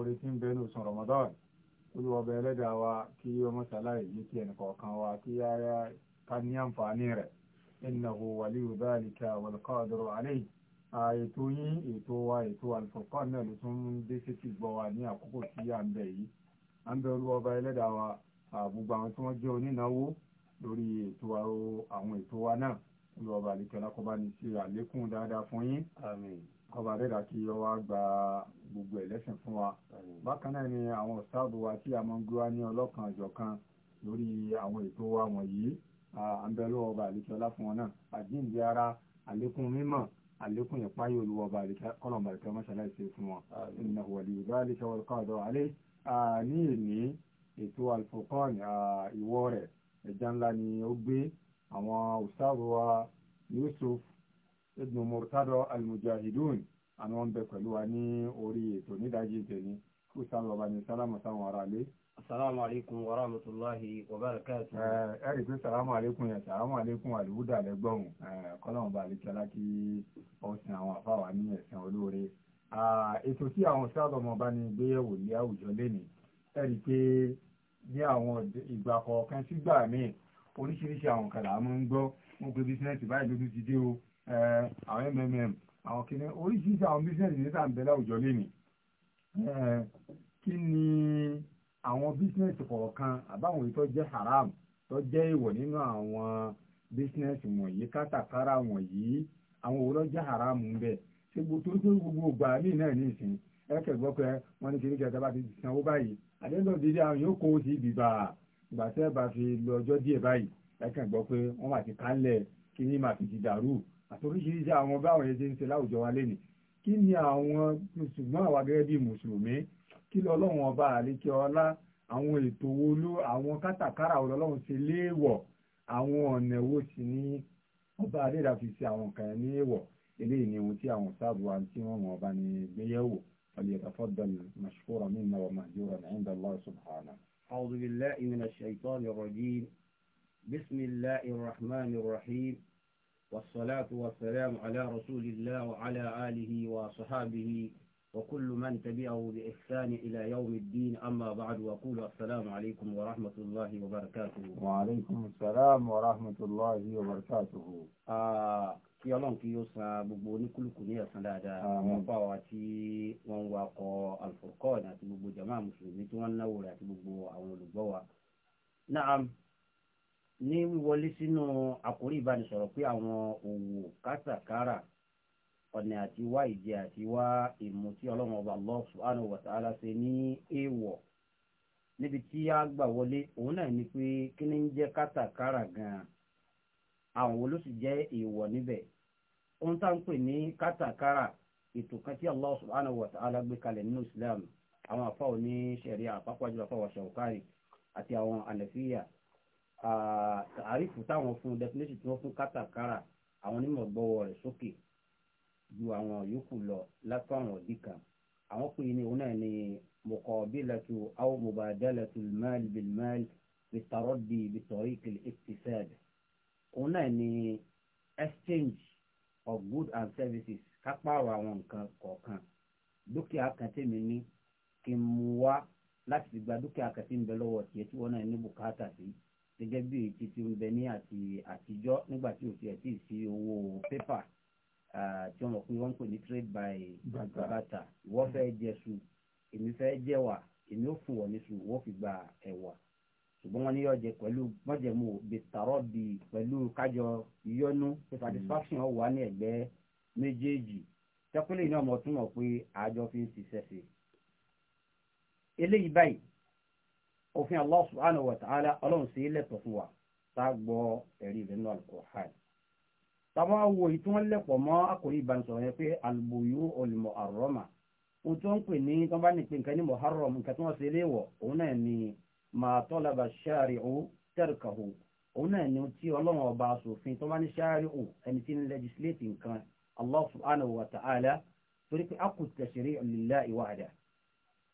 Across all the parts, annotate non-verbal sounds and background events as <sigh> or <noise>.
oore tí ń bẹ ní oṣù Ramadan olùwọ̀bẹ̀ ẹlẹ́dàá wa kí ọmọ sàlàyé yìí ti ẹnì kọ̀ọ̀kan wa kí ara ká ní àǹfààní rẹ̀ innahu waliyu dhalika wal qadiru alayhi ètò yín ètò wa ètò Al-Furqan náà ló tún dé sí ti gbọ́ wa ní àkókò tí à ń bẹ yìí à ń bẹ olùwọ̀bẹ̀ ẹlẹ́dàá wa gbogbo àwọn tí wọ́n jẹ́ onínáwó lórí ètò àwọn ètò wa náà olùwọ̀bẹ̀ àlìkẹ́ lákọ́bá ní ṣe àlékún dáadáa fún yín kọba rírà kí ọ wá gba gbogbo ẹlẹ́sìn fún wa bákan náà ni àwọn ọ̀sáàbù wa tí a máa ń gbéwá ní ọlọ́kan ọ̀jọ̀kan lórí àwọn ètò wa wọ̀nyí àǹbẹ̀lọ́ ọba àlekí ọlá fún wọn náà àjíǹde ara àlékún mímọ̀ àlékún ìpáyé olúwa ọba àlekí kọ́lọ̀mù àlekí ọmọṣáláì ṣe fún wọn ìnà wọ̀lì ìgbà àlekí ọkọ̀ ọ̀dọ̀ alẹ́ ní èmi ètò alfurqan ìwọ rẹ̀ ẹ̀já ńlá ni ó gbé àwọn ọ̀sáàbù wa Yusuf ibn murtado almujahidun àwọn ń bẹ pẹ̀lú wa ní orí ètò nídàájí tèmi kú sábà bàbá ní sálámù sáwọn ará lé. asalaamu aleykum wa rahmatulahi wa barakatu. ẹ ẹ rí i pé salamu aleykum yẹn salamu aleykum alihuda lẹgbọrun kọlọmọba alekela kí ọsìn àwọn afáwa ní ẹsẹ olóore. ètò tí àwọn sábà ọmọọba ní gbéyẹ̀wò ní àwùjọ lẹ́nìí ẹ rí i pé ní àwọn ìgbà kọ̀ọ̀kan sígbà míì oríṣiríṣi àwọn kan á mú ń gbọ́ wọn pe bísíǹsì báyìí lójú ti dé o àwọn mmm àwọn kìíní oríṣiríṣi àwọn business ní sàǹbẹ̀ láwùjọ lẹ́nu kí ni àwọn business kọ̀ọ̀kan àbáwọn èyí tó jẹ́ haram tó jẹ́ ìwọ̀ nínú àwọn business wọ̀nyí kátàkárà wọ̀nyí àwọn òwò ló jẹ́ haram ń bẹ ṣé gbogbo tó gbogbo ògbà míì náà ní ìsìn ẹ̀kẹ́ gbọ́ pé wọ́n ní kiri kẹta bá ti sanwó báyìí àdéhùn òdìdí àwọn yóò kó o sí ibi bá ìgbà bá fi lọ ọjọ́ díẹ̀ báyìí ẹ̀kẹ́ gbọ́ pé wọ́n máa ti kálẹ̀ kí ni màá fi ti dàrú àti oríṣiríṣi àwọn báwọn yẹn ṣe ń ṣe láwùjọ wa lẹ́nu kí ni àwọn ṣùgbọ́n àwa gẹ́gẹ́ bí mùsùlùmí kí lọ́lọ́run ọba àlékè ọlá àwọn ètò wo ló àwọn kátàkárà wo lọ́lọ́run ṣe léèwọ̀ àwọn ọ̀nà wo sì ni ọba adéda fi ṣe àwọn kan ní èèwọ̀ eléyìí ni ohun tí àwọn sáàbù wa tí wọ́n wọn ọba ní gbéyẹ̀wò فليتفضل مشكورا منا ومهجورا عند الله سبحانه أعوذ بالله من الشيطان الرجيم بسم الله الرحمن الرحيم والصلاة والسلام على رسول الله وعلى آله وصحابه وكل من تبعه بإحسان إلى يوم الدين أما بعد وأقول السلام عليكم ورحمة الله وبركاته وعليكم السلام ورحمة الله وبركاته آه kí ọlọ́run kí yóò san gbogbo oníkúlùkù ní ẹ̀san dáadáa wọn bá wa tí wọ́n ń wakọ̀ alfurqan àti ní wíwọlé sínú àkórí ìbánisọ̀rọ̀ pé àwọn òwò kátàkárà ọ̀nà àti wá ìjẹ àti wá ìmú tí ọlọ́run ọba Allah subhanahu wa ta'ala ṣe ní èèwọ̀ níbi tí a gbà wọlé òun náà ni pé kí ni ń jẹ́ kátàkárà gan-an àwọn wo ló sì jẹ́ èèwọ̀ níbẹ̀ ohun tá à ń pè ní kátàkárà ètò kan tí Allah subhanahu wa gbé kalẹ̀ nínú Islam àwọn àfa òní ṣẹ̀ríà àpapọ̀ àjọ àfa wa Shawkani àti àwọn àlẹ́fíyà àrífù táwọn fún definition tí wọ́n fún kátàkárà àwọn onímọ̀ gbọ́wọ́ rẹ̀ sókè ju àwọn yòókù lọ látọ̀ àwọn òbí kan àwọn pè ní òun náà ní muqabilatu aw mubadalatu al-mal bil-mal bit-taraddi bi tariq al-iktisab òun náà ní exchange of goods and services kápárọ̀ àwọn nǹkan kọ̀ọ̀kan dúkìá kan tèmi ní kí n mú wá láti fi gba dúkìá kan tí ń bẹ lọ́wọ́ tiẹ̀ tí wọ́n náà ní bùkátà sí gẹ́gẹ́ bí èyí tí ń bẹ ní àti àtijọ́ nígbà tí ò tiẹ̀ tí ì sí owó pépà tí wọ́n mọ̀ pé wọ́n ń pè ní trade by bàtà ìwọ fẹ́ mm. jẹ su èmi fẹ́ jẹ wà èmi ò fún wọn ní su wọ́n fi gba ẹ̀wà ṣùgbọ́n wọ́n ní yọ jẹ pẹ̀lú mọ́jẹ̀mú bìtàrọ́ bí pẹ̀lú kájọ yọnu pé satisfaction wà ní ẹ̀gbẹ́ méjèèjì tẹ́kùlé náà mọ̀ túmọ̀ pé àjọ fi ń ṣiṣẹ́ sí eléyìí báyìí òfin Allah subhanahu wa ta'ala ọlọ́run sí lẹ́tọ̀ fún wa tá a gbọ́ ẹ̀rí rẹ̀ nínú al-Qur'an tàbá wo èyí tí wọ́n lẹ̀pọ̀ mọ́ àkòrí ìbánisọ̀rọ̀ yẹn pé al-buyu'ul muharrama ohun tí wọ́n ń pè ní tí wọ́n bá ní pé nǹkan ní muharram nǹkan tí wọ́n ṣe léèwọ̀ òun náà ni ma talaba shari'u tarkahu òun náà ni tí ọlọ́run ọba aṣòfin tó bá ní shari'u ẹni tí ń legislate nǹkan Allah subhanahu wa torí pé a kò tashri'u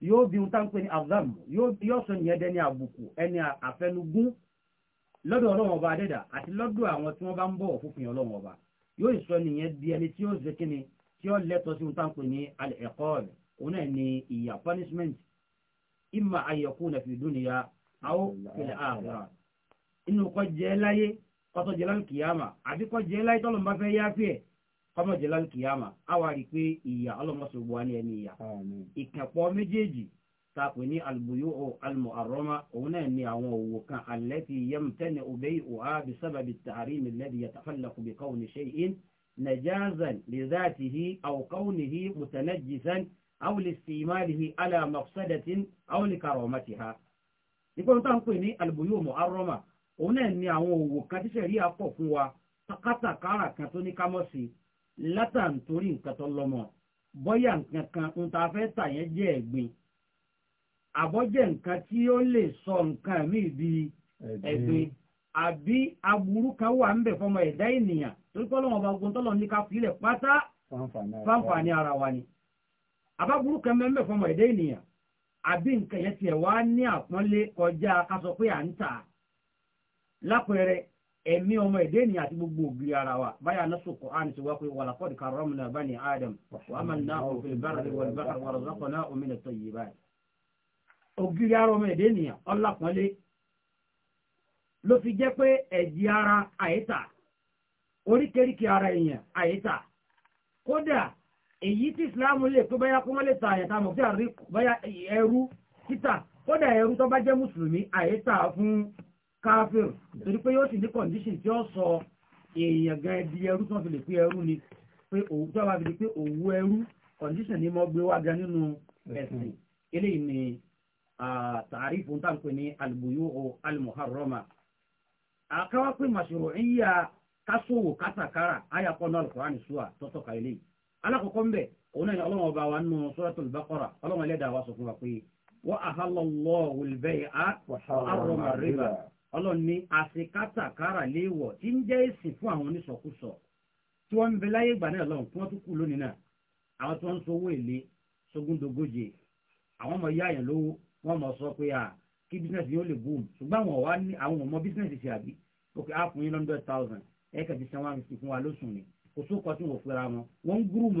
yóò di ohun táǹpẹ́ ní azam yóò sọ ìyẹn dẹni àbùkù ẹni àfẹnugún lọ́dọ̀ ọlọ́run ọba adẹ́dà àti lọ́dọ̀ àwọn tí wọ́n bá ń bọ̀ fúnfin ọlọ́run ọba yóò sọ nìyẹn di ẹni tí ó ṣe kíni tí ó lẹ́tọ̀ọ́ sí ohun táǹpẹ́ ní ẹ̀kọ́ rẹ̀ òun náà ni ìyà punishment ìmà ayẹ̀kú nà fi dúnìyà àwọn fil akhirah inú kọ́ jẹ́ láyé kọ́tọ̀ jẹ́ lálùkìyàmà àbí láyé tọ́lọ́ kọ́mọ̀jẹ́ láti kìyàmà á wá rí i pé ìyà ọlọ́mọṣogbo wa ní ẹni ìyà ìkànpọ̀ méjèèjì ta pè ní albuyu almu aroma òun náà ni àwọn òwò kan alẹ́tì yẹm tẹ́ni obey òhà bí sábàbí tààrí mi lẹ́bi yàtàfàlẹ̀ kùbí kọ́wùn ṣe in najazan lizatihi aw kawnihi ní albuyu mu aroma òun náà ni àwọn òwò kan látà nítorí nǹkan tó lọ́mọ bọ́yà nǹkan kan ń ta fẹ́ tà yẹn jẹ́ ẹ̀gbin àbọ́jẹ́ nǹkan tí ó lè sọ nǹkan míì bí ẹ̀gbin àbí aburú kan wà ń bẹ fọmọ ẹ̀dá ènìyàn torí pé ọlọ́wọ́n bá gun tọ́lọ́ ní ká filẹ̀ pátá fáǹfààní ara wa ni àbáburú kan ń fọmọ ẹ̀dá ènìyàn àbí nǹkan yẹn tiẹ̀ wá ní àpọ́nlé kọjá ká sọ pé à ń tà lápẹẹrẹ ẹ̀mí ọmọ ẹ̀dẹ́ ni àti gbogbo ògiri ara wa báyà nasu Qur'an ti wá pé wà laqad karramna Adam wa hamalnahum fil barri wal bahri wa razaqnahum min at-tayyibat. ògiri ara ọmọ ẹ̀dẹ́ nìyà ọlápọ̀nlé ló fi jẹ́ pé ẹ̀jì ara àyíta oríkèríkè ara èèyàn àyíta kódà èyí tí Islam lè pé báyà kó wọ́n lè ta àyíta káfíìr torí pé yóò sì ní kọ̀ǹdíṣìn tí ó sọ èèyàn gan ẹbí ẹrú tí wọ́n fi lè pé ẹrú ni pé òwú tó wà fi lè pé òwú ẹrú kọ̀ǹdíṣìn ni mo gbé wá gan nínú ẹ̀sìn eléyìí ni tàrífù tá à ń pè ní alùbùyù o alùmùhàrọ́mà àkáwá pé màṣírò ìyá kásòwò kátàkárà ayàpọ̀ náà Al-Qur'ani sùwà tọ́tọ̀ka eléyìí alákọ̀ọ́kọ́ ńbẹ̀ òun náà ni ọlọ́run ọba wa nù Suratul Baqara ọlọ́run ẹlẹ́dàá wa sọ fún wa pé al-bay'a ọlọ́run ní àṣekátàkárà léèwọ̀ tí ń jẹ́ ìsìn fún àwọn oníṣọ̀kúsọ tí wọ́n ń bẹ láyé ìgbà náà lọ́run tí wọ́n tún kú lónìí náà àwọn tí wọ́n ń sowó èlé sógúndogóje àwọn ọmọ ìyá àyàn lówó wọ́n mọ̀ sọ pé à kí bísíǹsì yóò lè boom ṣùgbọ́n àwọn ọ̀wá ní àwọn ọmọ bísíǹsì ṣe àbí òkè àfún yín lọ́ndọ̀ thousand ẹ̀ẹ́kẹ́ ti san one fifty fún wa lóṣù ni kò só kọ́ tí wọ́n fẹ́ra wọn wọ́n ń gúrùmù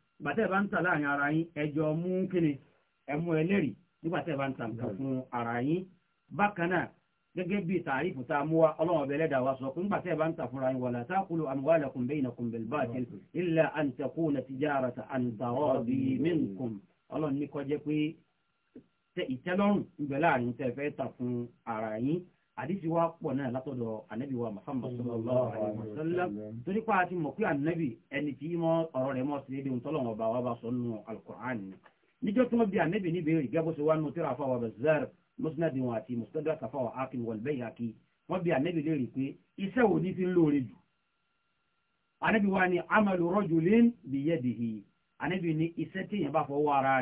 gbàtẹ́ bá ń tà láàrin ara yín ẹjọ́ mú kíni ẹmú ẹlẹ́rìí nígbà tẹ́ bá ń tà nǹkan fún ara yín bákan náà gẹ́gẹ́ bí tààrífù tá a mú wa ọlọ́run ọbẹ̀ ẹlẹ́dàá wa sọ pé nígbà bá ń tà fúnra yín wala ta'kulu amwalakum baynakum bil batil illa an takuna tijarata an taradi minkum ọlọ́run ní kó pé ìtẹ́lọ́rùn ń bẹ láàrin tẹ́ fẹ́ tà fún ara yín àdísí wá pọ̀ náà látọ̀dọ̀ ànábì wa Muhammad sallallahu alaihi wa sallam torí pa àti mọ̀ pé ànábì ẹni tí mọ ọ̀rọ̀ rẹ̀ mọ́ sí ebi ntọ́lọ̀ ọba wa bá sọ nù alukur'an ni níjọ́ tí wọ́n bi ànábì níbi èrè gẹ́gbó sí wa nù tíra àfa wa Bazzar musnad wọn àti mustadrak àfa wa akim wal Bayhaqi wọ́n bi ànábì léèrè pé iṣẹ́ wo ni fi ń lóore jù ànábì wa ni amalu rajulin biyadihi ànábì ni iṣẹ́ téèyàn bá fọwọ́ ara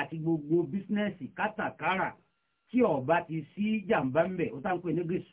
àti gbogbo bísínẹ́sì kátàkárà tí ọba ti sí jàǹbá ń bẹ̀ ó tá ń pè ní gíṣù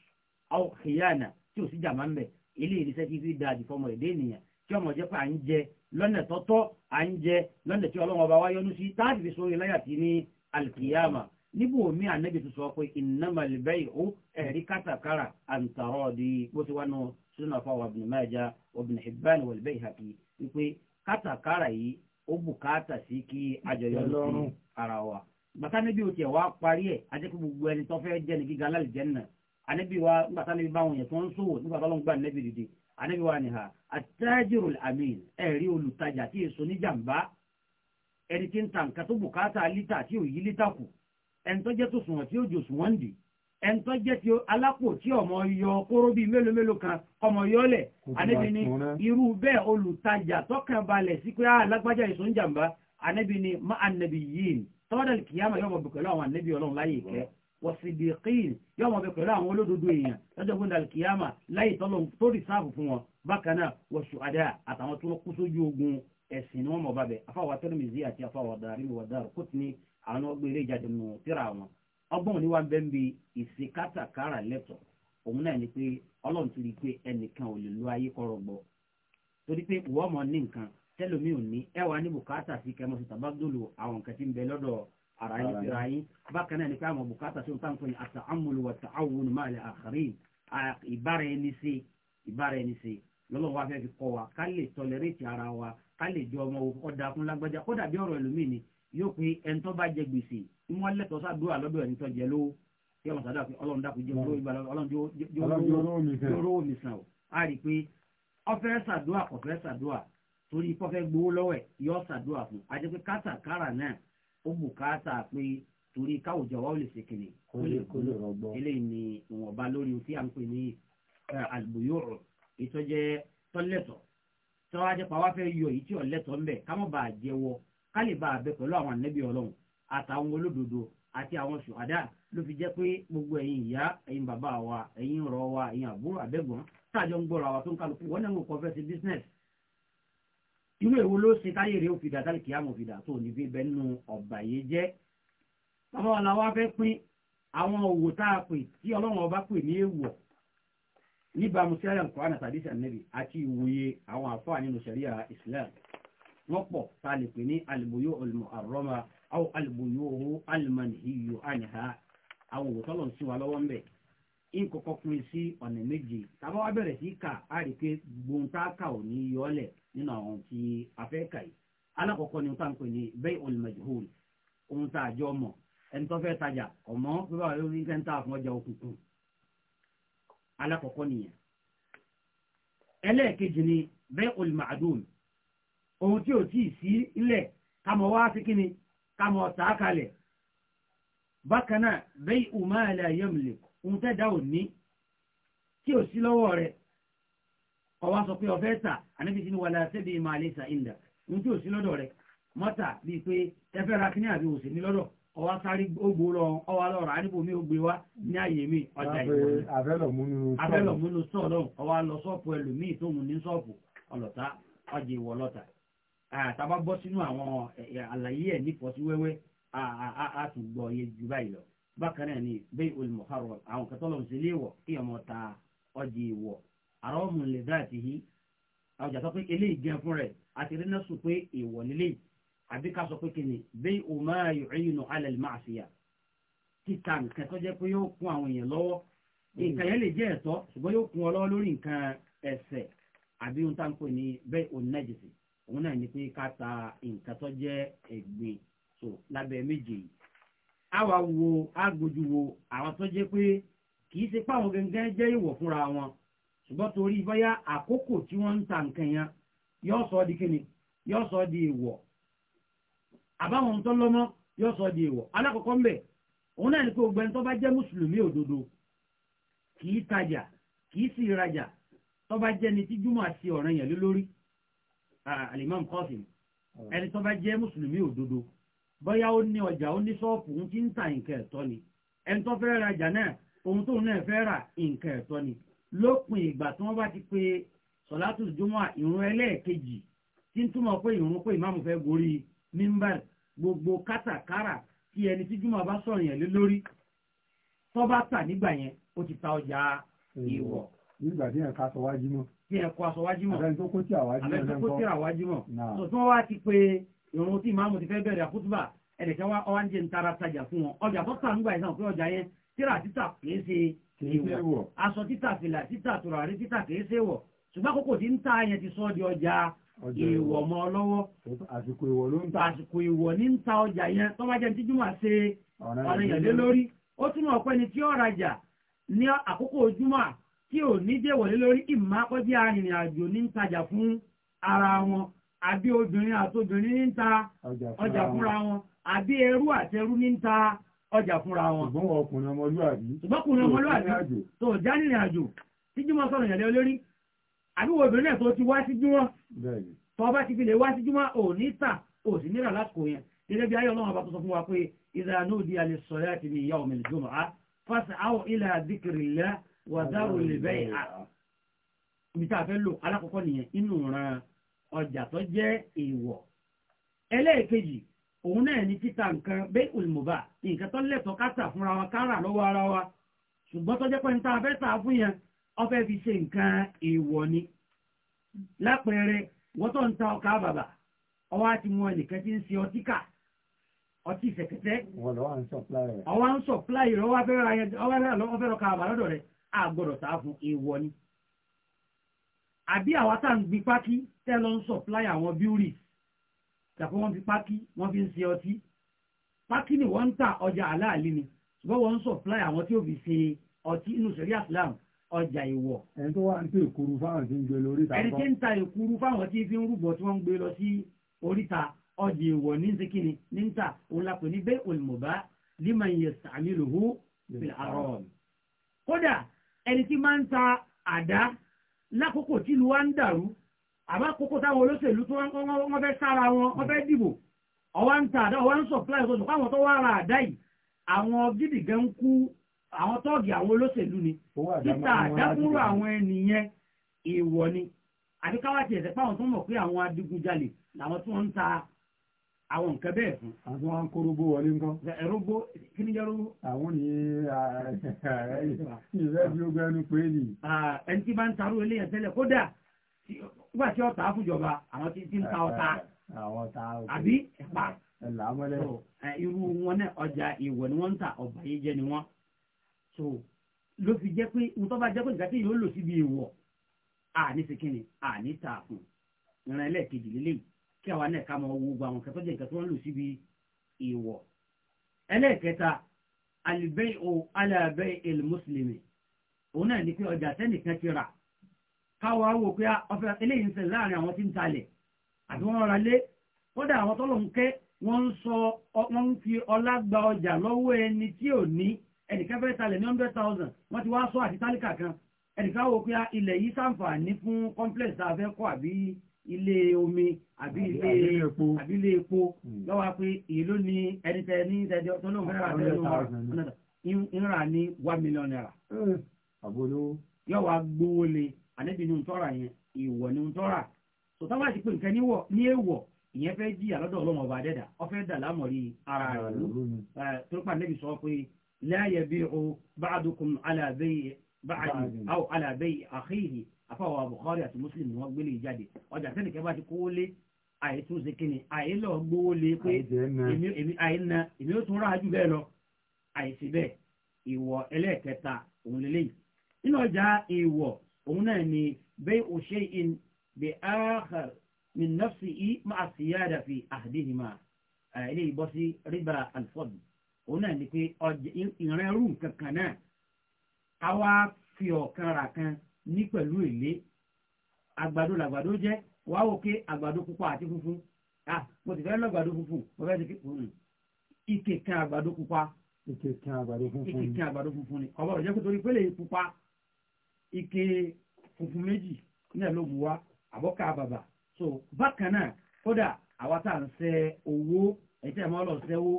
àwọn kìíyànà tí ò sí jàǹbá ń bẹ̀ ilé ìrìnsẹ́ ti fi da àdìfọ́mọ èdè ènìyàn tí ọmọ jẹ́ pé à ń jẹ lọ́nà tọ́tọ́ à ń jẹ lọ́nà tí ọlọ́run ọba wa yọ́nú sí táàbì fi sórí láyà tí ní alkiyama níbo mi ànábì tó sọ pé innamal bay'u ẹ̀rí kátàkárà an taradi bó ti wá nù sínú àfọwọ́ ibn Majah ibn Hibban wal Bayhaqi wípé kátàkárà yìí ó bùkátà sí kí àjọyọ̀ lọ́rùn ara wa gbàtà níbi òtí ẹ̀ wá parí ẹ̀ ajẹ́ kí gbogbo ẹni tó fẹ́ jẹ́ ní gíga alálì jẹ́nà àníbi wa gbàtà níbi báwọn yẹn tó ń sòwò nígbà tó lọ́ngbà níbi dìde àníbi wa nìha àtẹ́jìrò àmín ẹ̀rí olùtajà tí èso níjàmbá ẹni tí ń ta tó bùkátà lítà tí ò yí lítà kù ẹni tó jẹ́ tó sùnwọ̀n tí ó jò sùnwọ̀n dì ẹ̀ntọ́ jẹ́ ti alápò tí ọmọ yọ kóró bíi mélòó mélòó kan ọmọ yọlẹ̀ anẹ́bí ni irú bẹ́ẹ̀ olùtajà tọ́kàn balẹ̀ sí pé alágbájá ah, èso ń jàǹbá anẹ́bí ni má anẹ́bí yìí tọ́wọ́dà kìyàmà yọmọ bẹ̀ pẹ̀lú àwọn anẹ́bí ọlọ́run láyé ìkẹ́ wọ́sídìkín yọmọ bẹ̀ pẹ̀lú àwọn olódodo èèyàn lọ́jọ́ gbọ́dà kìyàmà láyé tọ́lọ́run tó rìsáàfù fún wọn bákan náà ọgbọ́n òní wa ń bẹ́ẹ̀ ń bi ìsìn kátàkárà lẹ́tọ̀ òun náà ni pé ọlọ́run ti rí i pé ẹnìkan ò lè lo ayé kọ́rọ̀ gbọ́ torí pé wọ́n mọ̀ ní nǹkan tẹ́lómi ò ní ẹ wà ní bùkátà sí kẹmọ́ sí tàbádòlò àwọn nǹkan tí ń bẹ lọ́dọ̀ ara yín síra yín bákan náà ni pé àwọn bùkátà sí nǹkan tó ní àtàmúlò wà tààwọn máa lè ìbára ẹni ṣe ìbára ẹni wa ká lè tọ́lẹ́rẹ́tì wa ká lè jọ ọmọ ọ̀dà fún lágbájá kódà bí wọ́n lẹ́tọ̀ọ́ sádùúrà lọ́dọ̀ ẹni tó jẹ lówó kí ọmọ sádà pé ọlọ́run dàpọ̀ jẹ́ olówó ìgbàlọ́ ọlọ́run jẹ́ olówó mi sàn o a rí i pé ọfẹ́ sàdúà ọfẹ́ sàdúà torí pọ́fẹ́ gbowó lọ́wọ́ ẹ̀ yọ sàdúà fún àti pé kátàkárà náà ó bù káàtà pé torí káwùjọ wa ó lè ṣèkìlì kó lè rọgbọ eléyìí ni ìwọ̀nba lórí ohun tí à ń pè ní àlùbùyọ̀rọ̀ ìtọ́jẹ́ tọ́lẹ̀tọ̀ tọ́wájẹ́pá wá fẹ́ yọ èyí tí ọ̀lẹ́tọ̀ ń bẹ̀ ká mọ̀ ká lè bá a bẹ pẹ̀lú àwọn ànẹ́bí ọlọ́run àtàwọn olódodo àti àwọn ṣùhádà ló fi jẹ́ pé gbogbo ẹ̀yin ìyá ẹ̀yin bàbá wa ẹ̀yin ọ̀rọ̀ wa ẹ̀yin àbúrò àbẹ̀gbọ́n táàjọ ń gbọ́ra wa tó ń kálukú wọ́n náà ń kọ́ sí business irú èwo ló ṣe táyé rèé òfìdá tálí kìí àmọ̀ òfìdá tó ní bí bẹ́ẹ̀ nínú ọ̀bà yé jẹ́ bàbá wa làwọn afẹ́ pín àwọn òwò tá a pè tí ọlọ́run ọba pè ní èèwọ̀ níbàámu sí àyàn Islam wọ́n pọ̀ tá a aw albuyuhu almanhiyu anha àwọn òwòtọ́lọ̀ sí wa lọ́wọ́ ń bẹ̀ ń kọ́kọ́ pín sí ọ̀nà méje tàbá wa bẹ̀rẹ̀ sí kà á rí i pé gbóńtà kà ò ní yọlẹ̀ nínú àwọn tí a fẹ́ kà yìí alákọ̀ọ́kọ́ ni nǹkan pè ní bay'ul majhul ohun tá a jọ mọ̀ ẹni tó fẹ́ tajà ọmọ pípa wà lórí nǹkan tá fún ọjà òkùnkùn alákọ̀ọ́kọ́ nìyẹn ẹlẹ́ẹ̀kejì ni bay'ul ma'dum ohun tí ò tíì sí ilẹ̀ kámọ́ wá sí kíni kámọ ọ̀tá kalẹ̀ bákan náà bẹ́ẹ̀ ìhùmá ilẹ̀ ohun tẹ́ dá òní tí ò sí lọ́wọ́ rẹ̀ ọwọ́ sọ pé ọ̀fẹ́ tà ànábi sí ni wàlá ṣẹ́bi ìmọ̀ àlẹ́ ìndà ohun tí ò sí lọ́dọ̀ rẹ̀ mọ́tà bíi pé ẹ abi ra kíní àbí òsè ní lọ́dọ̀ ọwọ́ sáré ogbó lọ ọwọ́ lọ́rọ̀ ní àyè mi ọjà ìwọ̀n sọ́ọ̀lọ́ lọ sọ́ọ̀pù ẹlòmíì ní sọ́ọ̀pù ọjà àtàbá bọ́ sínú àwọn àlàyé ẹ̀ nífọ̀ọ́sí wẹ́wẹ́ a tún gbọ́ yé ju báyìí lọ bákan náà ni bẹ́ẹ̀ olùmọ̀kárọ̀ àwọn kẹtọ́lọ̀ ń sílé wọ̀ kí ọmọ ta ọjà ìwọ̀ àrọ́mù lè dá àti yí ọjà sọ pé eléyìí jẹun fún rẹ̀ àti rí náà sùn pé ìwọ̀ nílé àbí ká sọ pé kíni bẹ́ẹ̀ o máa yọ ẹyin nù alẹ́ máa fi yà títa nǹkan tó jẹ́ pé yóò kún àwọn èèyàn lọ́wọ́ nǹkan yẹn lè jẹ́ ẹ̀tọ́ ṣùgbọ́n yóò kún ọ lọ́wọ́ lórí nǹkan ẹ̀ṣẹ̀ àbí ohun tá pè ní bẹ́ẹ̀ o nájẹsì òun náà ní pé ká ta nǹkan tó jẹ́ ẹ̀gbìn tó lábẹ́ méje yìí a wá wo a gbójú wo àwọn tó jẹ́ pé kì í ṣe páwọn gẹ́gẹ́ jẹ́ ìwọ̀ fúnra wọn ṣùgbọ́n torí bóyá àkókò tí wọ́n ń ta nǹkan yẹn yóò sọ di kíni yóò sọ di ìwọ̀ àbáwọn tó lọ́mọ yóò sọ di ìwọ̀ alákọ̀ọ́kọ́ ń òun náà ní pé gbogbo tó bá jẹ́ mùsùlùmí òdodo kì tajà kì sì rajà tó bá jẹ́ tí júmọ̀ àti ọ̀ràn yẹn lé lórí Ah, alimam Qasim ah. ẹni tó bá jẹ́ mùsùlùmí òdodo bóyá ó ní ọjà ó ní ṣọ́ọ̀pù ń ti ń ta nǹkan ẹ̀tọ́ ni ẹni tó fẹ́ rajà náà ohun tóun náà fẹ́ ra nǹkan ẹ̀tọ́ ni lópin ìgbà tí wọ́n bá ti pe sọ̀látù jùmọ̀ ìrun ẹlẹ́ẹ̀kejì tí ń túmọ̀ pé ìrun pé ìmáàmù fẹ́ gorí mímbàr gbogbo kátàkárà tí ẹni tí jùmọ̀ bá sọ̀rọ̀ yẹn lé lórí tó bá tà nígbà yẹn ó ti ta ọjà ìwọ̀. nígbà tí ẹ̀ka sọ wájú mọ́. tí ẹ̀kọ aṣọ wájú mọ́. àbẹ̀ntó kó tí àwájú ti pé ìrun tí ìmáàmù ti fẹ́ bẹ̀rẹ̀ àkútùbà ẹnìkan wá ọwá ń ntara tajà fún wọn ọjà tó tà nígbà ìsàn pé ọjà yẹn tíra títà kìí ṣe aṣọ títà fìlà títà títà kìí ṣe tí ń sọ di ọjà àsìkò ló ń ta àsìkò ni tí tí ò ní jẹ́ wọ̀lé lórí ìmákọ́jẹ́ arìnrìn àjò ní ń tajà fún ara wọn àbí obìnrin àtobìnrin ní ń ta ọjà fúnra wọn àbí ẹrú àtẹrú ní ń ta ọjà fúnra wọn. ṣùgbọ́n ọkùnrin ọmọlúwàbí. ṣùgbọ́n ọkùnrin ọmọlúwàbí tó já nìrìn àjò tí jùmọ̀ sọ̀rọ̀ ìyàlẹ́ olórí àbí wo obìnrin náà tó ti wá sí jùmọ̀ tó bá ti fi lè wá sí jùmọ̀ ò ní tà ò sì níra lásìkò yẹn gẹ́gẹ́ bí ayé ọlọ́run àbá tó sọ fún wa pé ìdáná òdi àlè sọ̀rọ̀ àti ìyá ọ̀mẹ̀lẹ̀ jùmọ̀ á fásitì àwọn ilẹ̀ àdìkìrì lẹ́ẹ̀ wàzáwò lè bẹ́ẹ̀ à ibi tá a fẹ́ lò alákọ̀ọ́kọ́ nìyẹn inú ọjà tó jẹ́ èèwọ̀ ẹlẹ́ẹ̀kejì òun náà ní títa nǹkan bẹ́ẹ̀ olùmọ̀bà nǹkan tó lẹ́tọ̀ọ́ ká fúnra wa ká lọ́wọ́ ara wa ṣùgbọ́n tó jẹ́ pé níta fẹ́ tà fún yẹn fẹ́ fi ṣe nǹkan èèwọ̀ ni lápẹẹrẹ wọ́n tó ń ta ọkà bàbà ọwọ́ àti wọn nìkan ti ń ṣe ọtí kà ọtí ìṣẹ̀kẹ̀tẹ̀ ọwọ́ ń sọ̀pláì rẹ̀ ọwọ́ fẹ́ àgbọ̀dọ̀ tá a fún èèwọ̀ ni. àbí àwa tá à ń gbin pákí tẹ́ lọ ń supply àwọn breweries tàbí wọ́n fi pákí wọ́n fi ń ṣe ọtí pákí ni wọ́n ń ta ọjà aláàlí ni ṣùgbọ́n wọ́n ń supply àwọn tí ó fi ṣe ọtí inú sẹ̀rí Islam ọjà ìwọ̀. ẹni tó wá ń ta èkuru fáwọn tí ń gbé lórí ìta. ẹni tí ń ta èkuru fáwọn tí fi ń rúbọ tí wọ́n ń gbé lọ sí oríta ọjà ìwọ̀ ní sikini ní ń ta òun la pè ní bẹ́ẹ̀ olùmọ̀bá liman yastamiluhu fil haram. kódà ẹni tí máa ń ta àdá lákòókò tí ìlú wa ń dàrú àbá kókó táwọn olóṣèlú tó wọ́n fẹ́ sára wọn wọ́n fẹ́ dìbò ọwá ń ta àdá ọwá ń sọ̀pláì ọ̀sọ̀ fáwọn tó wá ra àdá yìí àwọn gidi gan ń kú àwọn tọ́ọ̀gì àwọn olóṣèlú ni títà àdákúrò àwọn ènìyàn èèwọ̀ ni àbíkáwá tiẹ̀ sẹ́pà àwọn tó mọ̀ pé àwọn adigunjalè làwọn tí wọ́n ń ta àwọn nǹkan bẹ́ẹ̀ fún. àti wọn kó rúgbó wọlé ńkọ́. rúgbó kí ni jẹ́ rúgbó. àwọn ni <laughs> ìfẹ́ bí ó gbẹ́nu pé nì. ẹni tí bá ń tarú eléyàn tẹ́lẹ̀ kódà nígbà tí ọ̀tá fújọba àwọn tí ń ta ọ̀tá. <laughs> àwọn ọ̀tá òkè àbí ẹ̀pà. ẹ̀là mọ́lẹ̀. irú wọn náà ọjà ìwọ̀ ni wọ́n ń ta ọ̀bà yìí jẹ́ ni wọ́n. so ló fi jẹ́ pé nítorí bá jẹ́ pé nǹkan tí yóò lò síbi ìwọ̀ àní kí àwa náà ká mọ owó gba àwọn nǹkan tó jẹ́ nǹkan tí wọ́n lò síbi ìwọ̀ ẹlẹ́ẹ̀kẹta alibẹ́ o alabẹ́ el mùsùlùmí òun náà ní pé ọjà tẹ́nìkan ti rà káwa wò pé ọfẹ eléyìí ń ṣe láàrin àwọn tí ń talẹ̀ àti wọ́n ra lé kódà àwọn tọ́lọ̀ ń kẹ́ wọ́n ń sọ wọ́n ń fi ọlá gba ọjà lọ́wọ́ ẹni tí ò ní ẹnìkan fẹ́ talẹ̀ ní hundred thousand wọ́n ti wá sọ àti tálíkà kan ẹnìkan wò pé ilẹ̀ yìí ṣàǹfààní fún complex tá a fẹ́ kọ́ àbí ilé omi àbí ilé epo àbí ilé epo lọ́wọ́ hmm. pé èló ni ẹni tẹ ní ìdájọ́ tó náà fún àtẹ ló wà ńra ní one million naira. Eh, yóò wá gbowó le ànábì ní ntọ́ra yẹn ìwọ̀ ní ntọ́ra sọtá wá sí pé nǹkan níwọ̀ ní èèwọ̀ ìyẹn fẹ́ jìyà lọ́dọ̀ ọlọ́run ọba àdẹ́dà ọfẹ́ dà lámọ̀rí ara rẹ̀ eh, ló tó pa ànábì sọ pé la yabi'u ba'dukum ala bay'i ba'di aw ala bay'i akhihi àfọwọ́ Bukhari àti Muslim ni wọ́n gbélé ìjáde ọjà tẹ́nìkẹ́ bá ti kówó lé àìtún ṣe kíni àìlọ gbówó lé pé àìna èmi ó tún ráájú bẹ́ẹ̀ lọ àìsí bẹ́ẹ̀ ìwọ̀ ẹlẹ́ẹ̀kẹta òun lélẹ́yìí nínú ọjà ìwọ̀ òun náà ni bẹ́ẹ̀ òṣè in bi akhar min nafsi i máa sì yára fi ahdihima ilé ìbọ́ sí riba alfọ́dù òun náà ni pé ìrìn ẹrú kankan náà káwá fi ọ̀kan rà kan ní pẹ̀lú èlé àgbàdo làgbàdo jẹ́ wàá wò ké àgbàdo pupa àti funfun à mo ti fẹ́ lọ àgbàdo funfun mo fẹ́ ti ké hmm. ike kan àgbàdo pupa ike kan àgbàdo funfun ike kan àgbàdo funfun ni ọ̀bọ̀ rẹ̀ jẹ́ kó torí pupa ike funfun méjì náà ló mú wa àbọ́ká bàbà so bákan náà kódà àwa tá à ń ṣe owó ẹ̀tí ẹ̀ máa lọ ṣe owó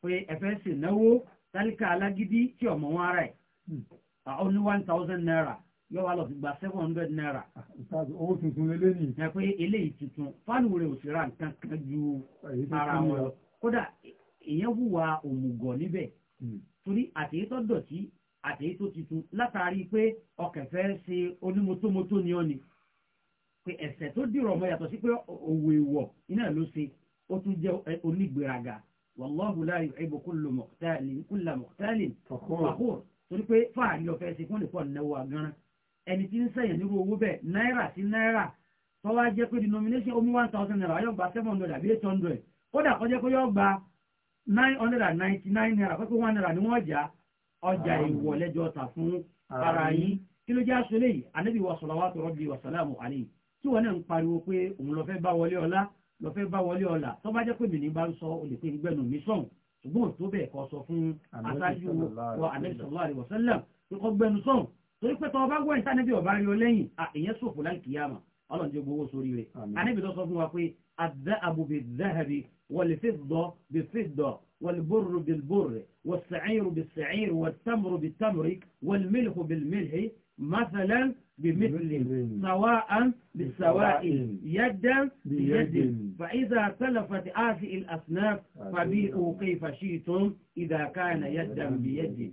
pé ẹ fẹ́ ṣe náwó tálíkà alágídí tí ọmọ wọn ara ẹ̀ ó hmm. one thousand naira yóò wá lọ fi gba seven hundred naira. owó tuntun lélẹ́ nìyí. ẹ pé eléyìí tuntun fáànù rẹ̀ ò sì ra nǹkan kan ju ara wọn lọ kódà èèyàn hùwà òmùgọ̀ níbẹ̀ hmm. torí àtẹ̀yẹ tó dọ̀tí àtẹ̀yẹ tó tuntun látàrí pé ọkẹ̀ fẹ́ ṣe onímọ́tómọ́tó ni ọ́ ni pé ẹ̀ṣẹ̀ tó dìrọ̀ mọ́ yàtọ̀ sí pé òwò èèwọ̀ iná ló ṣe ó tún jẹ́ onígbéraga wàlláhu la yuhibbu kullu mukhtalin kulla mukhtalin torí pé fáàrí ọ̀fẹ́ ṣe fún lè pọ̀ náwó ẹni tí ń sẹ̀yìn nírú owó bẹ́ẹ̀ náírà sí náírà tó wá jẹ́ pé denomination omi one thousand naira yóò gba seven hundred àbí eight hundred kódà kó jẹ́ pé yóò gba nine hundred and ninety nine naira pé pé one naira ni wọ́n jà ọjà ah. ìwọ̀ lẹ́jọ́ ta fún ah. ara yín kí ló jẹ́ aṣọ léyìí ànábì wa salawatu rabbi wa salamu alayhi tí wọ́n náà ń pariwo pé òun lọ fẹ́ bá wọlé ọlá lọ fẹ́ bá wọlé ọlá tó bá jẹ́ pé mi ní bá ń sọ olè pé mi sọ̀hún ṣùgbọ́n tó bẹ́ẹ̀ kọ́ sọ fún aṣáájú wa ànábì sallallahu alayhi wa sallam torí pé tọba gbọ́ ìta níbi ọba rí o lẹ́yìn ìyẹn ṣòfò lálkìyàmà ọlọ́run jẹ́ gbogbo sórí rẹ̀ anábì tó sọ fún wa pé adh-dhahabu bidh-dhahabi wal-fidda bil-fidda wal-burru bil-burri was-sa'iru bis-sa'iri wat-tamru bit-tamri wal-milhu bil-milhi mathalan bimithli sawa'an bis-sawa'i yadan biyadin fa-idha talafat hadhihi al-asnaf fabi'u kayfa shi'tum idha kana yadan biyadin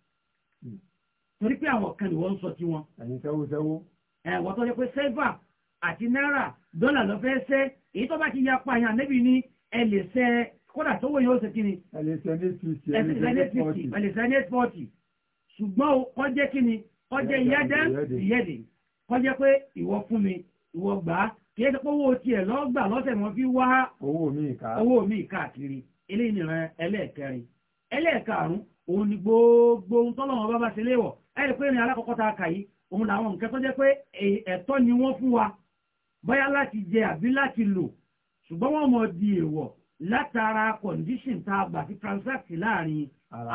torí pé àwọn kan ni wọ́n ń sọ tí wọn. ẹ̀yin sẹ́wó sẹ́wó. ẹ̀wọ̀n tó yẹ pé sẹ́fà àti náírà dọ́là lọ fẹ́ èyí tó bá ti ya pa yàn níbi ní ẹ lè sẹ́ kódà tó wòye ó ṣe kí ni. ẹ lè sẹ́ ní fifty ẹ lè sẹ́ ní fifty ẹ lè sẹ́ ní forty ṣùgbọ́n ó jẹ́ kí ni ó jẹ́ ìyẹ́dẹ́ ìyẹ́dẹ́ kó jẹ́ pé ìwọ fún mi ìwọ gbà á kí ẹ ti pọ́ owó tiẹ̀ lọ́gbà lọ́sẹ̀ mọ́ fi wá owó ẹ̀rì pé ní alákọ̀ọ́kọ́ ta kà òun làwọn nǹkan tó ni wọ́n fún wa bóyá láti jẹ àbí láti lò ṣùgbọ́n wọ́n mọ̀ di èèwọ̀ látara condition ta a gbà sí transact láàrin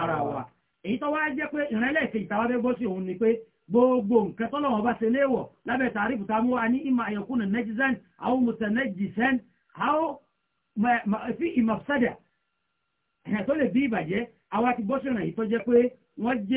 ara wa èyí tó wá jẹ́ pé ìrànlẹ́ kejì fẹ́ ni pé gbogbo nǹkan tọ́lọ̀ ọba bá ṣe léèwọ̀ lábẹ́ tàrífù a mú wa ní ìmọ̀ tó lè bí ìbàjẹ́ àwa ti sí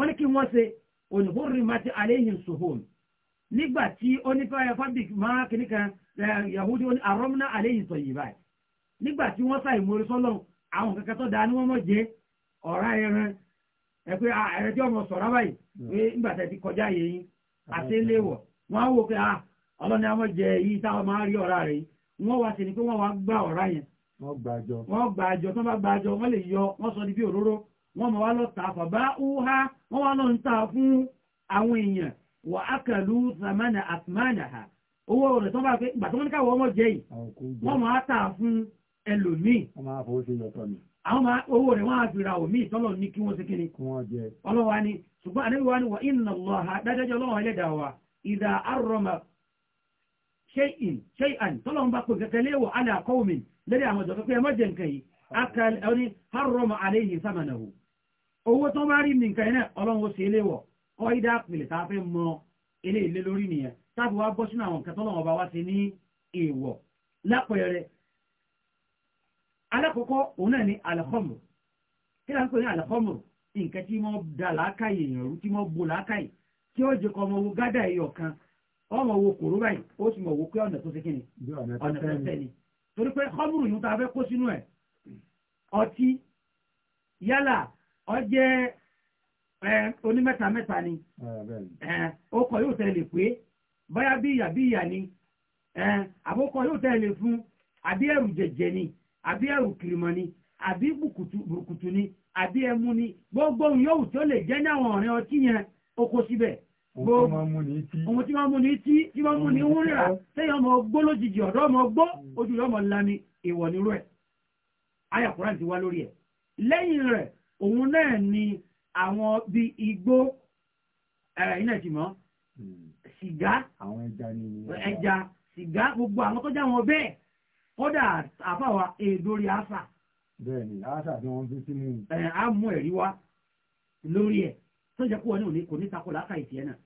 ó ní kí wọ́n ṣe ònìhórí mati aléhìn suhum nígbà tí ó ní fábíkì máa kìíní kan eh, yahudi ó ní sọ yìí báyìí nígbà tí wọ́n sá ìmúrí sọ́lọ́ àwọn kankan tó dáa wọ́n mọ̀ jẹ́ ọ̀rá ẹran ẹgbẹ́ ah, tí ọmọ sọ̀rọ̀ báyìí pé nígbà ti kọjá yẹ̀yìn àti léwọ̀ wọ́n á wò pé ah, ọlọ́ni àwọn jẹ yìí táwọn máa rí ọ̀rá yìí wọ́n wá sí ni pé wọ́n wá gbá ọ̀rá yẹn wọ́n gbàjọ tó bá gbàjọ yọ wọ́n wọ́n mọ̀ wá lọ tà fàbá úhá wọ́n wá lọ ń tà fún àwọn èèyàn wà á kàlú zamana asmana ha owó rẹ̀ tó bá pé ìgbà tó wọ́n ní káwọ́ ọmọ jẹ́ yìí wọ́n mọ̀ á tà fún ẹlòmíì àwọn máa owó rẹ̀ wọ́n á fi ra òmíì tọ́lọ̀ ní kí wọ́n ṣe kíni ọlọ́wà ni ṣùgbọ́n àníwá ni wà inna Allaha dájọ́jọ́ ọlọ́wà ẹlẹ́dàá wa ìdá arọ́mà ṣe'in ṣe'an tọ́lọ́run bá kò kẹkẹlé wọ ala qawmin lórí àwọn ìjọba pé nǹkan yìí aka ẹni harrama alayhi samanahu owó tó bá rí nìkan iná ọlọ́run ó ṣe é léwọ̀ kọ́ ìdá pìlẹ̀ tá a fẹ́ mọ ilé ilé lórí nìyẹn táàbù wá bọ́ sínú àwọn nǹkan tọ́lọ́run ọba wá sí ní èèwọ̀ lápẹẹrẹ alákọ̀ọ́kọ́ òun náà ni alẹ́kọ́mù kí ló ń pè ní alẹ́kọ́mù nǹkan tí wọ́n da làákàyè èèyàn rú tí wọ́n bo làákàyè tí ó jẹ́ kọ́ ọmọ owó gádà ẹ̀yọ̀ kan ọmọ owó kòró báyìí ó sì mọ̀ wò pé ọ̀nà tó ṣe kí ni ọ̀nà tó tẹ̀ ni torí pé kọ́mùrù yìí ta fẹ́ yálà ọ jẹ́ onímẹ́ta mẹ́ta ni ọkọ ah, yóò tẹ̀lé pé báyà bí ìyà bí ìyà ni àbókọ yóò tẹ̀lé fún àbí ẹrù jẹjẹ ni àbí ẹrù kìrìmọ̀ ni àbí burúkutu ni àbí ẹmu ni gbogbo yòówù tó lè jẹ́ ní àwọn ọ̀rẹ́ ọtí yẹn oko síbẹ̀ ohun tí wọ́n mú ní tí tí wọ́n mú ní ń rírà sẹ́yìn ọmọ gbó lójijì ọ̀dọ́ ọmọ gbó hmm. ojú ọmọ ńlá ni ìwọ̀ nírú ẹ̀ ayàkùnrin ti wá lórí ẹ̀ lẹ́yìn rẹ̀ òun náà ni àwọn bí igbó iná ìjìmọ́ hmm. sìgá ẹja sìgá gbogbo àwọn tó já wọn bẹ́ẹ̀ kódà àfàwà èdórí àṣà. bẹ́ẹ̀ni àṣà ni wọn fi sínú. ẹ á mú ẹ̀rí wá lórí ẹ tó jẹ kó wọn ní kò ní takò láta ìtì ẹ náà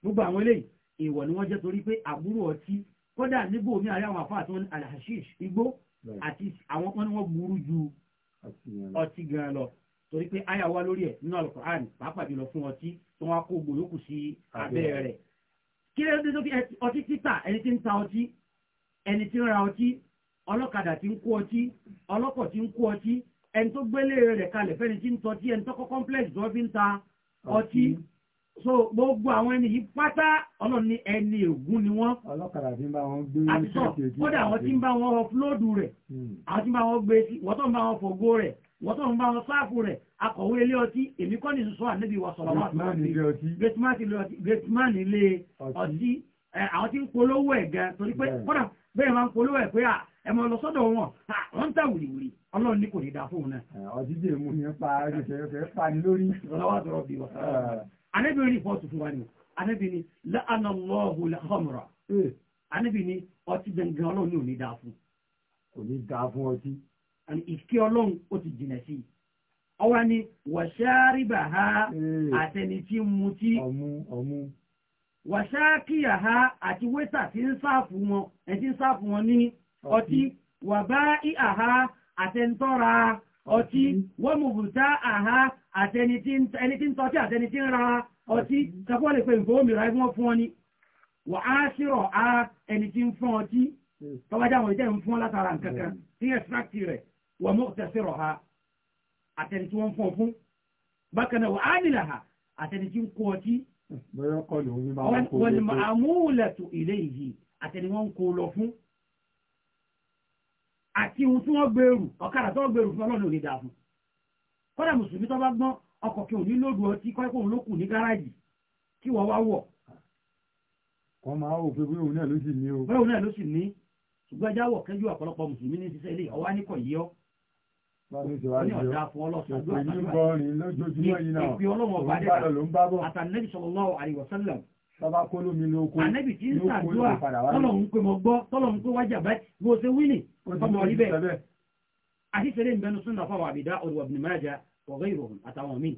gbogbo àwọn eléyìí èèwọ̀ ni wọ́n jẹ́ torí pé àbúrò ọtí kódà níbo mi àrí àwọn àfáà tó ń alhashish igbó àti àwọn kan ni wọ́n burú ju ọtí gan lọ torí pé àyà wá lórí ẹ̀ nínú alukur'an pàápàá jùlọ fún ọtí tó wá kó gbòyókù sí abẹ́ rẹ̀ kí ló dé tó fi ọtí títà ẹni tí ń ta ọtí ẹni tí ń ra ọtí ọlọ́kadà tí ń kó ọtí ọlọ́kọ̀ tí ń kó ọtí ẹni tó gbélé rẹ̀ kalẹ̀ fẹ́ni tí ń tọ́tí ẹni tó complex tó fi ń ta ọtí so gbogbo àwọn ẹni yìí pátá ọlọ́run ní ẹni ègún ni wọ́n. ọlọ́kadà tí ń bá wọn gbé ní ṣẹ́ẹ̀kì ojú. kódà àwọn tí ń bá wọn ọfúlóòdù rẹ̀ hmm. àwọn tí ń bá wọn gbé sí wọ́n tó ń bá wọn fògo rẹ̀ wọ́n tó ń bá wọn sáàfù rẹ̀ akọ̀wé ilé ọtí èmi kọ́ ní sọ́sọ́ ànábì wa sọ̀rọ̀ wá. gretman ilé ọtí àwọn tí ń polówó ẹ̀ gan torí pé kódà bẹ́ẹ̀ máa ń polówó ẹ̀ pé à ẹ máa lọ sọ́dọ̀ wọn wọ́n ń tà wùrìwùrì ọlọ́run ní kò ní dáa fóun ni pa ẹ̀ṣẹ̀ fẹ́ pa ni lórí. ọlọ́wọ́ àtọ̀rọ̀ anábì ní rìpọ́ọ̀tù fún wa ni anábì ní la'ana Allahu al-khamra anábì hmm. ní ọtí gangan ọlọ́run ní ò ní dáa fún. kò ní dáa fún ọtí. àni ìké ọlọ́run ó ti jìnà sí i ọwọ́ ni wàṣáríbà ha hmm. àtẹni tí ń mutí wàṣákìyà ha àti wẹ́tà tí ń sáàfù wọn ẹni ń sáàfù wọn ní ọtí wàbá ìhà ha ọtí wọ́n mọ̀bùtá àhá àti ẹni tí ń tọ́tí àti tí ń ra ọtí sẹ́kọ́ lè pe nǹkan omi ra ẹ fún ọ ni wà á ṣírọ̀ á ẹni tí ń fún ọtí hmm. tọ́wájà wọn ìtẹ́ ń fún látara nǹkan kan tí hmm. extract rẹ̀ wà mú tẹ̀sírọ̀ ha àti ẹni tí wọ́n fún ọ fún bákan náà wà á nílà ha àti tí ń kó ọtí hmm. wọ́n ni ilé yìí àti wọ́n kó lọ fún àti ohun tí wọ́n gbèrú ọ̀kadà tí gbèrú fún ọlọ́run ò kọ́dà mùsùlùmí tó bá gbọ́n ọkọ̀ kí òní lòdù ọtí kọ́ẹ́kọ́ òun ló kù ní gáràjì kí wọ́n wá wọ̀. kọ́ máa wò pé bóyá òun náà ló sì ní o. bóyá òun náà ló sì ní ṣùgbọ́n ẹja wọ̀ kẹ́jú ọ̀pọ̀lọpọ̀ mùsùlùmí ní ṣiṣẹ́ ilé ọwá ní kọ̀ yíọ́. ní ọ̀dà fún ọlọ́sọ̀ọ́ Bàbá kóló mi ló kó. Ànẹ́bì tí ń sàdúrà tọ́lọ̀ ń pè mọ́ gbọ́ tọ́lọ̀ ń pè wájà báyìí. àdífẹ́rẹ́ ìbẹnu súnà fáwọn àbìdá ọ̀rọ̀ ibn ọ̀gá ìrọ̀rùn àtàwọn míì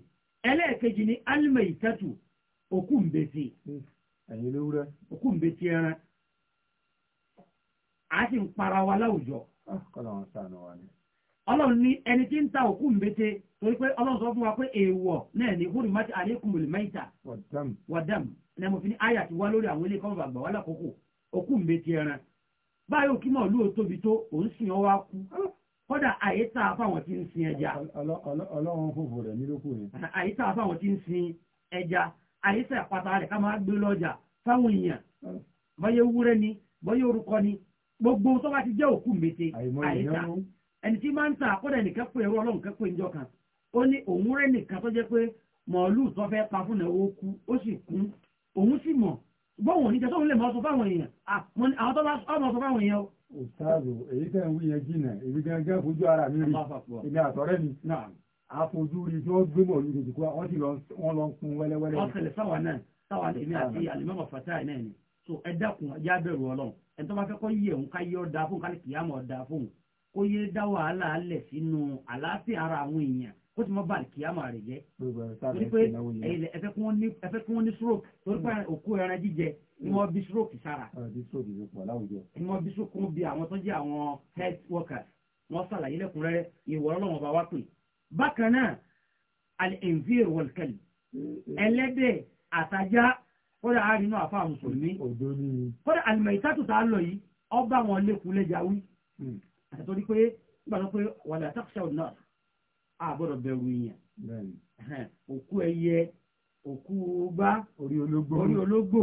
ẹlẹ́ẹ̀kejì ni almaitatu òkú mbèsè hmm. ẹran a sì ń para wa láwùjọ ah, ọlọ́run ní ẹni tí ń ta òkú mbèsè torí pé ọlọ́run sọ fún wa pé èèwọ̀ náà maita wàdàm ní fi ní àyà ti wá lórí àwọn ilé wà lákòókò ẹran báyọ̀ kí àyíká fáwọn tí ń sin ẹja. ọlọ́run fòfò rẹ̀ nílòkù ni. àyíká fáwọn tí ń sin ẹja àyíká àpáta rẹ̀ ká máa gbé lọ́jà fáwọn èèyàn hmm. bọ́yẹ wúrẹ́ ni bọ́yẹ orúkọ ni gbogbo tó bá ti jẹ́ òkú mète àyíká ẹni tí máa ń ta àkọ́dẹ̀ nìkan pé ẹ̀rọ ọlọ́run kan pé ń jọkàn ó ní òun rẹ̀ nìkan tó jẹ́ pé mọ̀ọ́lù tó fẹ́ pa fún ẹ̀wọ́ kú ó sì kún òun sì mọ̀ bọ́wọ̀n níjẹ́ tóun lè mọ̀ ọ́ sọ fáwọn èèyàn àwọn tó bá sọ fáwọn èèyàn òtáàbò èyí tẹ́ ń wíyẹn jìnà èmi gángan fojú ara mi rí èmi àtọ̀rẹ́ mi àfojú rí tí wọ́n gbé mọ̀ ní ìdìkú wọ́n sì wọ́n lọ kún wẹ́lẹ́wẹ́lẹ́. wọ́n fẹ̀lẹ̀ sáwà náà sáwà náà èmi àti àlùmọ́mọ̀ fàtáì náà ni so ẹ dákun ajá bẹ̀rù ọlọ́run ẹ̀ tó bá fẹ́ kọ́ yẹ̀ òun ká yẹ ọ̀dà fóun ká lè kìí àmọ̀ ọ̀dà fóun kó yé dá wàhálà alẹ̀ sínú àlàáfíà ara àwọn èèyàn kó ti mọ bá kìí àmọ̀ rẹ̀ jẹ́ torí pé ẹ fẹ́ kí wọ́n ní stroke torí pé mm. òkú ẹran jíjẹ ni wọ́n bí stroke sára ni wọ́n bí stroke bí àwọn tó jẹ́ àwọn health workers wọ́n sàlàyé lẹ́kùnrẹ́rẹ́ ìwọ̀ ọlọ́wọ́n bá wá pè bákan náà al-invir wal-kalb mm-hmm. ẹlẹ́dẹ̀ àtajá kọ́dà àárínú àfáà mùsùlùmí kọ́dà al-maitatu tá a lọ yìí ọba wọn lékun lẹ́jàwí mm. àtàtọ́rí pé gbàgbọ́ pé wàlẹ̀ àtàkùsẹ̀ ọ̀nà àbọ̀dọ̀ bẹ̀rù ìyẹn òkú ẹyẹ òkú bá orí ológbò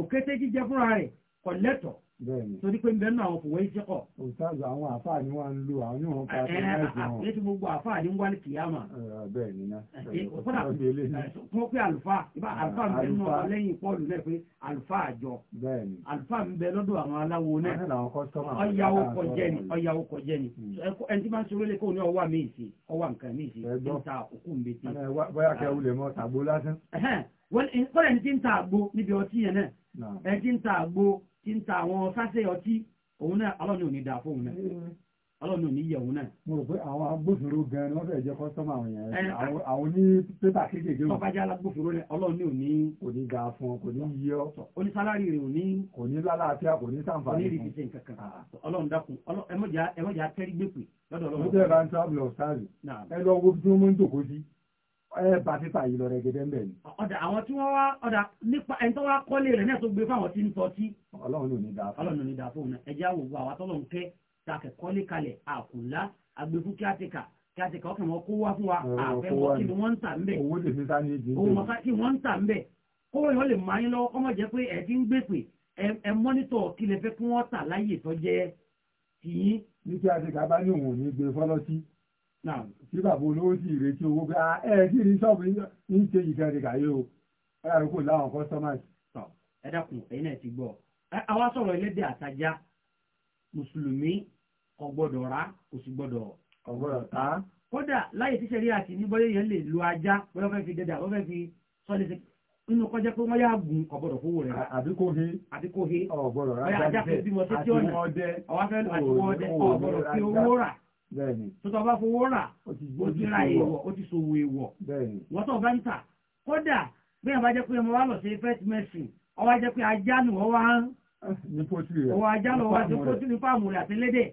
òkété jíjẹ fúnra rẹ̀ kọ̀lẹ́tọ̀ torí pé nbẹ náà fòwé jẹ́kọ̀. òtázà àwọn àfáà ni wọ́n ń lo àwọn ní wọn pàtó láìsí wọn. ẹ ti gbogbo àfáà ní wálé kìyàmà. bẹ́ẹ̀ ni náà. kọ́ pé àlùfáà ibà àlùfáà ń bẹ nínú ọ̀rọ̀ lẹ́yìn pọ́ọ̀lù náà pé àlùfáà àjọ. bẹ́ẹ̀ni. àlùfáà ń bẹ lọ́dọ̀ àwọn aláwo náà. ọ̀yàwó kọjẹ́ ni ọ̀yàwó kọjẹ́ ni. Hmm. ẹni tí máa ń sọ̀rọ̀ lé kó ní ọwọ́ mi ìsì ọwọ́ nǹkan mi ìsì ń ta òkú mi ti. bóyá kẹ́ wulẹ̀ mọ́ tàgbó lásán. kọ́lẹ̀ ní ti ń ta àgbo níbi ọtí yẹn náà. ẹ ti ń ta àgbo tí ń ta àwọn sáṣẹ́ ọtí òun náà ọlọ́ni ò ní dà fóun náà mm. ọlọ́ni ò yẹ òun náà. mo rò pé àwọn agbófinró gan ni wọ́n fẹ́ jẹ́ kọ́sọ́mà yẹn àwọn ní pépà kéékèèké. tọ́pájá alágbófinró rẹ ọlọ́ni ò kò ní ga fún ọ kò ní yí ọ. onísálárì rẹ ò kò ní lálàáfíà kò ní sàǹfààní. kò ní rìbí ah, ọlọ́run dákun ẹmọ́jà tẹ́rí gbèpè lọ́dọ̀ ọlọ́run. mo jẹ́ bá pípa yìí lọ rẹ̀ gẹ́gẹ́ bẹ́ẹ̀ ni. ọ̀dà àwọn tí wọ́n wá ọ̀dà nípa ẹni tó wá kọ́lé rẹ̀ náà tó gbé fáwọn tí ń sọ tí. ọlọ́run ò ní dáa fún un. ọlọ́run ò ní dáa fún un ẹjẹ́ àwògbò àwa tọ́lọ̀ ń kẹ́ takẹ̀ kọ́lé kalẹ̀ àkùnlá agbèfún kíátìkà kíátìkà ọkàn wọn kó wá fún wa àfẹ́wọ́ kí ni wọ́n ń tà ń bẹ̀. owó lè fi sáni ìdí. owó mọ̀ká kí wọ́n ń tà ń bẹ̀ kó wọ́n lè máa yín náà tí bàbá olówó sì retí owó pé ẹ kí ni ṣọ́ọ̀bù ní ṣe ìkẹrẹ kàyé o ọ̀rẹ́ àrùkò láwọn customers. ẹ dákun ẹ̀yin náà ti gbọ́ àwa sọ̀rọ̀ ẹlẹ́dẹ̀ àtajá mùsùlùmí kò gbọ́dọ̀ rà kò sì gbọ́dọ̀ kò gbọ́dọ̀ tà. kódà láyé tíṣẹ́ rí àti ní bọ́lá yẹn lè lo ajá bọ́lá fẹ́ fi dẹ́dà wọ́n fẹ́ fi sọ́ọ́lì nínú kọjá pé wọ́n yá gun ọ̀gbọ̀dọ̀ fowó rẹ̀ rà. àbí kò he. àbí kò he. ọ̀gbọ̀dọ̀ rà jáde àti bẹ́ẹ̀ni tó tọ́ bá fowó rà ó ti ra èèwọ̀ ó ti ṣòwò èèwọ̀ wọ́n tọ́ bá ń tà kódà bí wọ́n bá jẹ́ pé ọmọ wa lọ sí pet medicine ó wá jẹ́ pé ajá nù ọwọ́ ń ọwọ́ ajá lọ wá sí pótí ní fáàmù rẹ̀ àti lédè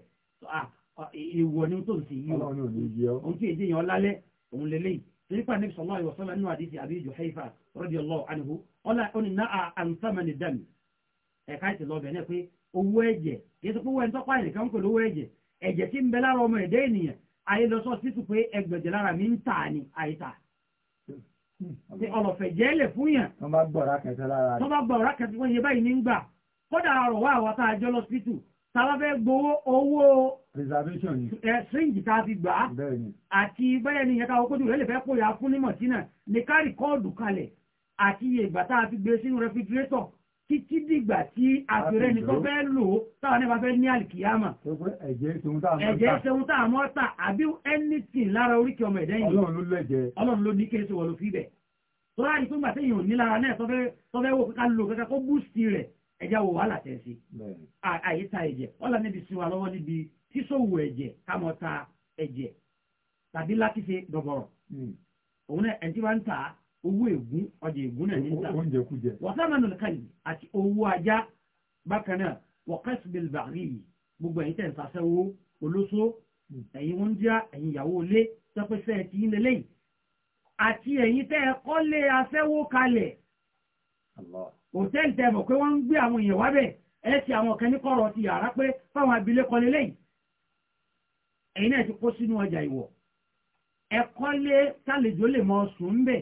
èèwọ̀ ni tó ń sì yí o ohun tí èdè yẹn ọlálẹ́ òun lélẹ́yìí nípa níbi sọ̀lá ìwọ̀ sọ́lá nínú àdìsí àbí Juhayfa radiyallahu anhu ọ̀là òní náà àǹtàmẹ́ni dàmí ẹ̀ka ìtìlọ́bẹ̀ náà pé owó ẹ̀jẹ̀ kì í sọ pé owó ẹ̀ńtọ́pá ẹ̀nìkan kò lówó ẹ̀jẹ̀ ẹ̀jẹ̀ tí ń bẹ lára ọmọ ẹ̀dẹ́ ènìyàn ayé lọ sọ títù pé ẹgbẹ̀jẹ̀ lára mi ń tà ní àìtà ti ọlọ̀fẹ̀ jẹ́lẹ̀ fún yàn tó bá gbọ̀rá kẹsẹ̀ lára rẹ̀ tó bá gbọ̀rá kẹsẹ̀ wọ́n yẹ báyìí nígbà kódà àrọ̀ wà a jọ a bá fẹ́ gbowó owó reservation ni ẹ síǹgì tá a fi gbà á àti bẹ́ẹ̀ ni ìyẹn ká okójú rẹ̀ lè fẹ́ kó yà fún ní mọ̀tínà ní ká kalẹ̀ àti ìyẹ̀gbà tá a fi gbé sínú rẹfrigirétọ̀ títí dìgbà tí àfẹ́rẹ́ ní tó fẹ́ lò ó táwọn nípa fẹ́ ní àlìkìyàmà ẹ̀jẹ̀ ìṣẹ́hun tá àmọ́ tà àbí anything lára oríkì ọmọ ẹ̀dẹ́ yìí ọlọ́run ló lẹ́jẹ̀ ọlọ́run ló ní kí èso wọ̀lú fíbẹ̀ tó ráàyè tó gbà téèyàn ní lára náà tó fẹ́ wò kíkà lò kíkà kó owó ègún ọjà ègún náà ní ìta wọ́sánà nù káyì àti owó ajá bákan náà wọ́kẹ́sì bẹ́ẹ̀ bàrí yìí gbogbo ẹ̀yin tẹ̀ ń sasẹ́wó olóṣó hmm. ẹ̀yin wọn já ẹ̀yin ìyàwó ilé tọ́pẹ́sẹ́ ti ń lélẹ́yìn àti ẹ̀yin tẹ́ ẹ kọ́lé aṣẹ́wó kalẹ̀ hòtẹ́ẹ̀lì mọ̀ pé wọ́n ń gbé àwọn èèyàn wábẹ̀ ẹ ti àwọn kan ní ti yàrá pé fáwọn abilé kọ́lé lẹ́yìn ẹ̀yin náà ti kó sínú ọjà ìwọ̀ ẹ kọ́lé tálejò lè mọ sùn ń bẹ̀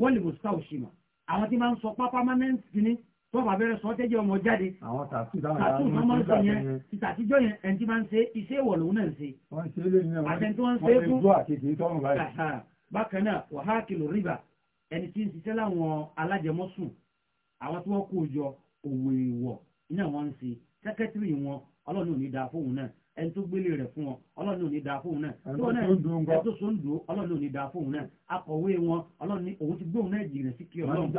wọ́n lè mọ̀síká òṣìmọ̀ àwọn tí máa ń sọ pápá mánẹ́ǹtì ní tọ́pọ̀ abẹ́rẹ́ sọ tẹ́jẹ́ ọmọ jáde tàtù náà máa ń sọ yẹn ìtàtíjọ́ yẹn ẹni tí máa ń ṣe iṣẹ́ ìwọ̀ lòun náà ń ṣe àtẹ̀ntí wọ́n ń ṣe é fún bákan náà wàhálà ń ṣiṣẹ́ láwọn àwọn tí wọ́n kó jọ òwò ìwọ̀ iná wọn ń ṣe sẹ́kẹ́tìrì wọn ọlọ́run ò ní dáa fóun náà ẹni tó gbélé rẹ̀ fún wọn ọlọ́run ò ní da fóun náà ẹni tó so ń dùn ọlọ́run ò ní da fóun náà akọ̀wé wọn ọlọ́run ní òun ti gbóhùn náà jìnà sí kí ọlọ́run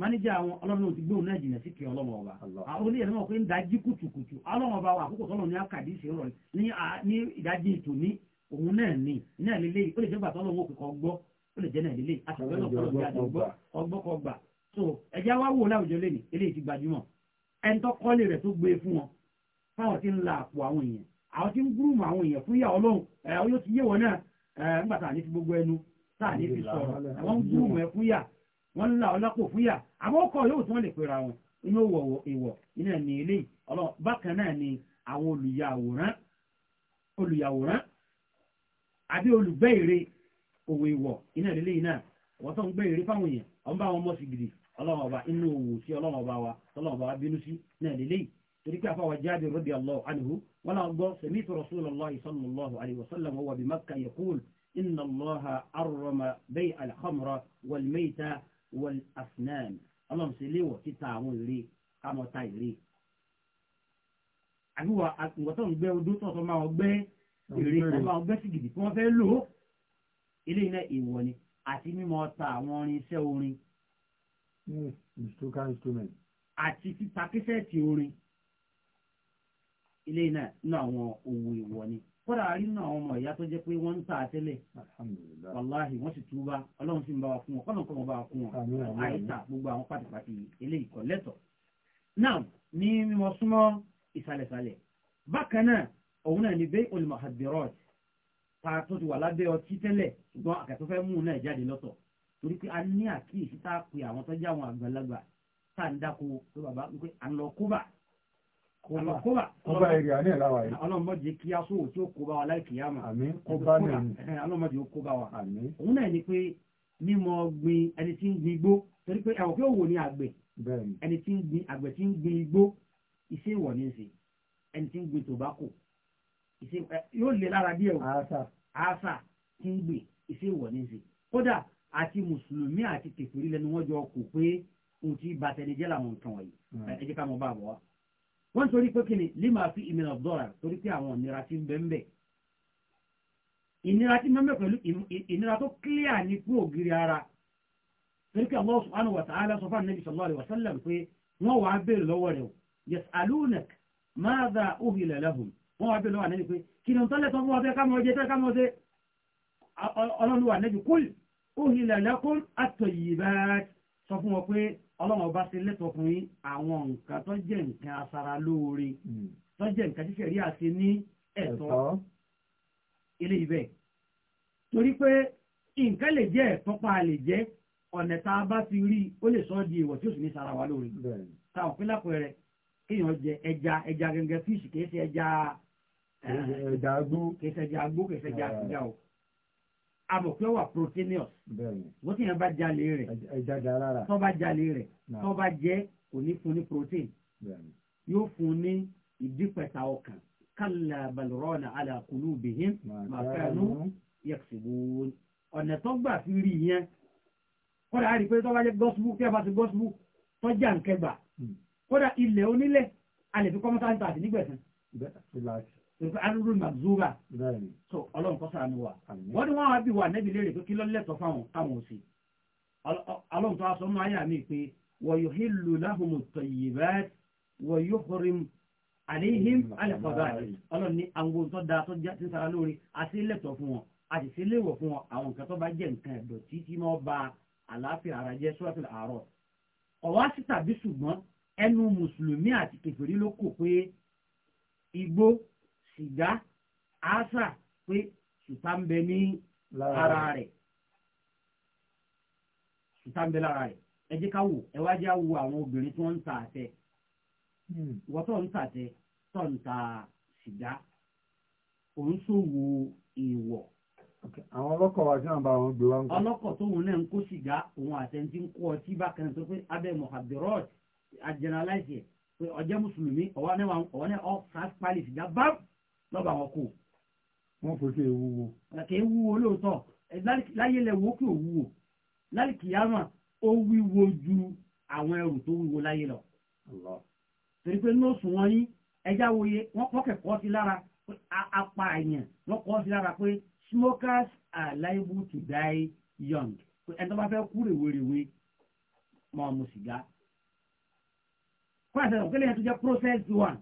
máníjà wọn ọlọ́run ò ti gbóhùn náà jìnà sí kí ọlọ́run ọba àwọn olóyè náà pé ń dají kùtùkùtù ọlọ́run ọba wa àkókò tọ́lọ̀ ní akadé ṣe rọ̀ ní ìdájí ètò ní òun náà ní iná lílé ó lè jẹ́ gbà tọ́lọ̀ wọn kò kọ́ gbọ́ ó lè jẹ́ náà lílé àwọn tí ń gúrùmù àwọn èèyàn fún ìyá ọlọ́run ẹ̀rọ yóò ti yé wọn náà nígbà ní ti gbogbo ẹnu tá à fi ti sọ̀rọ̀ àwọn ń gúrùmù ẹ fún ìyá wọn ń la ọlọ́pọ̀ fún ìyá àwọn ọkọ̀ yóò tí lè pera wọn inú ìwọ̀ ìwọ̀ iná ní ilé bákan náà ni àwọn olùyàwòrán olùyàwòrán àbí olùgbẹ́ òwò ìwọ̀ iná ilé náà wọ́n tó ń èèyàn torí pé àfàwà Jabir radiyallahu anhu wọn náà gbọ́ sami'tu Rasulullahi sallallahu alayhi wa sallam huwa bi Makkah yaqul inna Allaha harrama bay' al-khamra wal-mayta wal-asnam ọlọ́run sì léwọ̀ títa àwọn ìrè kámọ́ ta ìrè àbíwọ̀ àtúntò ń gbẹ́ odó tọ̀tọ̀ máa gbẹ́ ìrè tó máa gbẹ́ sìgìdì tí wọ́n fẹ́ lò ó ilé iná ìwọ̀ ni àti mímọ̀ ta àwọn orin hmm, iṣẹ́ orin. àti títà kíṣẹ́ẹ̀tì orin ilé náà nínú àwọn òwò ìwọ ni kódà rí nínú àwọn ọmọ ìyá tó jẹ́ pé wọ́n ń tà tẹ́lẹ̀ wàláhì wọ́n sì túbá ọlọ́run sì ń bá wa fún wọn kọ́nà kọ́nà bá wa fún wọn àìsà gbogbo àwọn pàtàkì ilé ìkọ̀ lẹ́tọ̀ náà ní mímọ súnmọ́ ìsàlẹ̀sàlẹ̀ bákan náà òun náà ní bẹ́ olùmọ̀hàbírọ́t ta tó ti wà lábẹ́ ọtí tẹ́lẹ̀ ṣùgbọ́n àkàtọ́ fẹ́ mú un náà jáde lọ́tọ̀ torí pé a ní àkíyèsí tá a pè àwọn tọ́jú àwọn àgbàlagbà tá à ń dáko pé bàbá pé à ń lọ kóbà kóbá kóbá èrè àní ìlàwà yìí ọlọ́mọdé kí a sóò tí ó kóbá wa láì kìyàmà àmín kóbá náà ọlọ́mọdé ó kóbá wa àmín òun náà ni pé mímọ gbin ẹni tí ń gbin igbó torí pé àwọn kí ó wò ní àgbẹ̀ ẹni tí ń gbin àgbẹ̀ tí ń gbin igbó iṣẹ́ ìwọ̀ ní ṣe ẹni tí ń gbin tobacco yóò lè lára díẹ̀ o àṣà tí ń gbin iṣẹ́ ìwọ̀ ní ṣe kódà àti mùsùlùmí àti kèfèrí lẹ́nu wọn jọ kò pé ohun tí bàtẹ́ni jẹ́ làwọn nǹkan wọ̀nyí hmm. ẹ jẹ́ ká mọ bá àbọ̀ wá wọ́n torí pé kíni lima fi ìmìnà dọ́là torí pé àwọn ìnira ti ń bẹ́ ń bẹ̀ ìnira ti ń bẹ́ ń bẹ̀ pẹ̀lú ìnira tó kílíà ní kú ògiri ara torí pé Allah subhanahu wa ta'ala sọ fún anabi sallallahu alayhi wa sallam pé wọ́n wàá béèrè lọ́wọ́ rẹ̀ yasalunak maza uhila lahum wọ́n wàá béèrè lọ́wọ́ anabi pé kí ọlọ́run ọba ti lẹ́tọ̀ọ́ fún yín àwọn nǹkan tó jẹ́ nǹkan asara lóore hmm. tó jẹ́ nǹkan tí sẹ̀rí àti ní ẹ̀tọ́ ilé ibẹ̀ torí pé nǹkan lè jẹ́ ẹ̀tọ́ pa lè jẹ́ ọ̀nà tá a bá fi rí ó lè sọ ọ́ di èèwọ̀ tí ó sì ní sara wa lóore táwọn pínlẹ̀ pẹ̀rẹ̀ kéèyàn jẹ ẹja ẹja gẹ́gẹ́ fíìsì kìí eh, ṣe ẹja agbó kìí ṣe ẹja agbó ah. kìí ṣe ẹja àtijọ́ abòkẹ́ wà proteinous wọ́n ti yàn bá jalè rẹ̀ tó bá jalè rẹ̀ tó bá jẹ́ kò ní fún ní protein yóò fún ní ìdípẹ̀ta ọkàn kálá balùrọ̀nà alákùnú bìhín màkànú yẹ̀kṣìbùn ọ̀nà tó gbà fi rí yẹn kódà rí pé tó bá jẹ́ gọ́sùbù kí a bá ti gọ́sùbù tó jà ń kẹgbà hmm. kódà ilẹ̀ onílẹ̀ a fi kọ́mọ́tà ń tà àti nígbẹ̀sán nǹkan arúgbó mazura so ọlọ́run kọ́ sàánú wa wọ́n ní wọ́n á bí wa nẹ́bi léèrè pé kí ló lẹ́tọ̀ fáwọn àwọn òsì ọlọ́run tó aṣọ máa yà mí pé wa yuhillu lahum at-tayyibat wa yuhrim àdéhìm alẹ́kọ̀ọ́dá ọlọ́run ní àwọn tó da tó já sísara lórí àti lẹ́tọ̀ fún wọn àti sí léwọ̀ fún wọn àwọn nǹkan tó bá jẹ́ nǹkan ẹ̀dọ̀ tí máa ba àlàáfíà ara jẹ́ suratul A'raf ọ̀wá sí tàbí ẹnu mùsùlùmí àti kèfèrí ló kò pé igbó sìgá àṣà pé sùtá ń bẹ ní ara rẹ̀ sùtá ń bẹ lára rẹ̀ ẹ jẹ́ ká wò ẹ wá jẹ́ wo àwọn obìnrin tí wọ́n ń ta àtẹ wọ́n tó ń ta àtẹ tó ń ta sìgá òun ṣòwò ìwọ̀ àwọn ọlọ́kọ̀ wa tí wọ́n bá wọn gbé wá ń kọ́. ọlọ́kọ̀ tóun náà ń kó sìgá òun àtẹ̀ntì ń kó ọtí bákan tó pé abẹ́ mohabirot ajanalaisi pé ọjọ́ mùsùlùmí ọwọ́ náà ọwọ́ náà ọ sàpàlì sìgá báàbù lọ́ba wọn kù. wọ́n fojú ewu wo. kàkà ewu wo lóòótọ́ láyé lẹ wo kí o wúwo láyé kìyàmà ó wíwo ju àwọn ẹrù tó wíwo láyé lọ. torí pé nóòsù wọn yín ẹja wòye wọn kọ́kẹ̀kọ́ sí lára apá àyàn wọn kọ́ sí lára pé smokers are liable to die young ẹni tó bá fẹ́ kú rèwerèwe máa mu sìgá fún ẹ̀sẹ̀ òkèlè yẹn tó jẹ́ process one.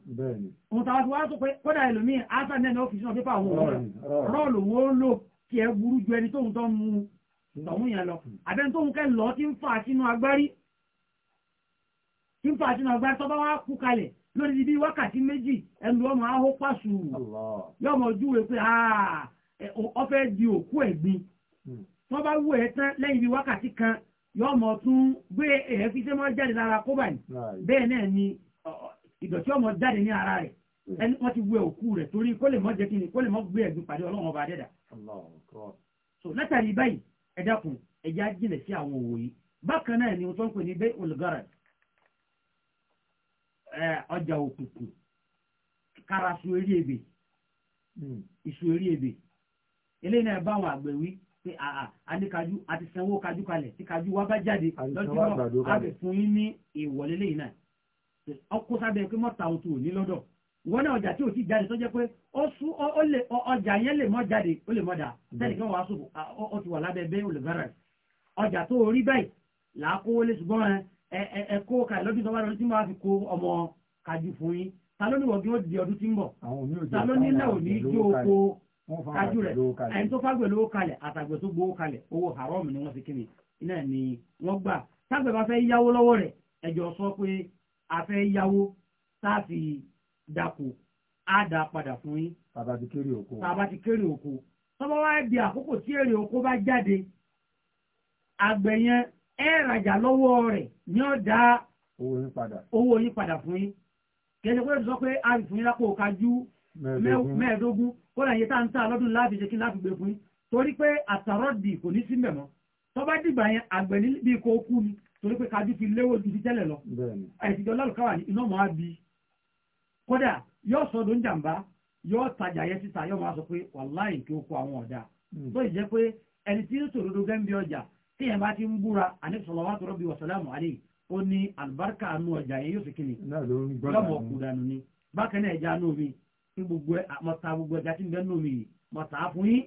òun tàwa ti wá tó pé kódà ẹlòmíì áṣà nẹ́ẹ̀nì ọ́fíìsì náà pépà àwọn ọ̀rọ̀ rọ́ọ̀lù wo lò kí ẹ burú ju ẹni tóun tó ń mu tọ̀hún yẹn lọ hmm. àbẹ́ni tóun kẹ́ lọ tí ń fà sínú agbárí tí ń fà sínú agbárí tọ́ba wá kú kalẹ̀ lórí bí wákàtí méjì ẹnu ọmọ ahó pàṣù yọmọ júwe pé ọfẹ́ di òkú ẹ̀gbin hmm. tọ́ba wú ẹ̀ tán lẹ́yìn bí wákàtí kan yóò mọ̀ tún gbé èèyàn fi sẹ́mọ́ jáde lára kó báyìí bẹ́ẹ̀ náà ni ìdọ̀tí ọmọ jáde ní ara rẹ̀ hmm. ẹni wọ́n ti wẹ òkú rẹ̀ torí kó lè mọ́ jẹ́ kí ni kó lè mọ́ gbé ẹ̀gbìn pàdé ọlọ́run ọba adẹ́dà. so látàrí báyìí sí àwọn òwò yìí bákan náà ni wọ́n tó ń pè ní bẹ́ẹ̀ ọjà òkùnkùn kára su eré ebè hmm. isu pé àà ah, adékajú ah, àti sanwó kajú kalẹ̀ tí kajú wá bá jáde lọ́jọ́ àbẹ̀ fún yín ní ìwọlé lẹ́yìn náà ọkọ̀ sábẹ́ pé mọ́ta òtù ò ní lọ́dọ̀ wọ́n náà ọjà tí ò ti jáde tó jẹ́ pé ọjà yẹn lè mọ́ jáde ó lè mọ́ dà mm-hmm. tẹ́lẹ̀kẹ́ wàá sòfò ó ti wà lábẹ́ bẹ́ẹ̀ olùgbàrà ọjà tó rí báyìí làákówó lé ṣùgbọ́n ẹ kó kalẹ̀ lọ́dún tó bá lọ́dún tí mo bá fi kó ọmọ kajú fún yín ta ló ní di ọdún tí ń bọ̀ ta ló nílẹ̀ òní jó oko ajú rẹ̀ ẹni tó fágbẹ̀ lówó kalẹ̀ àtàgbẹ̀ tó gbowó kalẹ̀ owó haram ni wọ́n ti kíni iná ni wọ́n gbà tágbẹ̀ bá fẹ́ yáwó lọ́wọ́ rẹ̀ ẹjọ́ sọ pé a fẹ́ yáwó sáàfì dàkú á dà padà fún yín. tàbá ti kéré oko. tàbá ti kéré oko. tọ́ba wá di àkókò tí èrè oko bá jáde àgbẹ̀ yẹn ẹ rajà lọ́wọ́ rẹ̀ ni ó dá owó yín padà fún yín. kẹ́sẹ̀ pé ó sọ pé a fún yín lápò kájú mẹ́ẹ̀ẹ́dógún kódà yìí tá ń tà lọ́dún láti ṣe kí láti gbé fún yín torí pé àtàrọ́dì kò ní sí mẹ̀mọ́ tó bá dìgbà yẹn àgbẹ̀ ní bí kò kú ni torí pé kájú fi léwó ju ti tẹ́lẹ̀ lọ àìsíjọ lálùkáwà ní iná mọ́ á bi kódà yóò sọ ọdún jàǹbá yóò tajà yẹn síta yóò máa sọ pé wàláì kí ó kó àwọn ọ̀dà hmm. tó ì jẹ́ pé ẹni tí ń sòdodo gẹ́ńbí ọjà tí yẹn bá ti ń búra àní sọlọ́wọ́ tọrọ bí wàsálàmù àlè ó ní àlùbáríkà àánú ọjà yẹn yóò sì kíni lọ́mọ ọkùnrin dànù ni bákan náà ẹja àánú mi ní gbogbo mọ̀tà gbogbo ẹja tí ń bẹ́ẹ̀ nù mí fún yín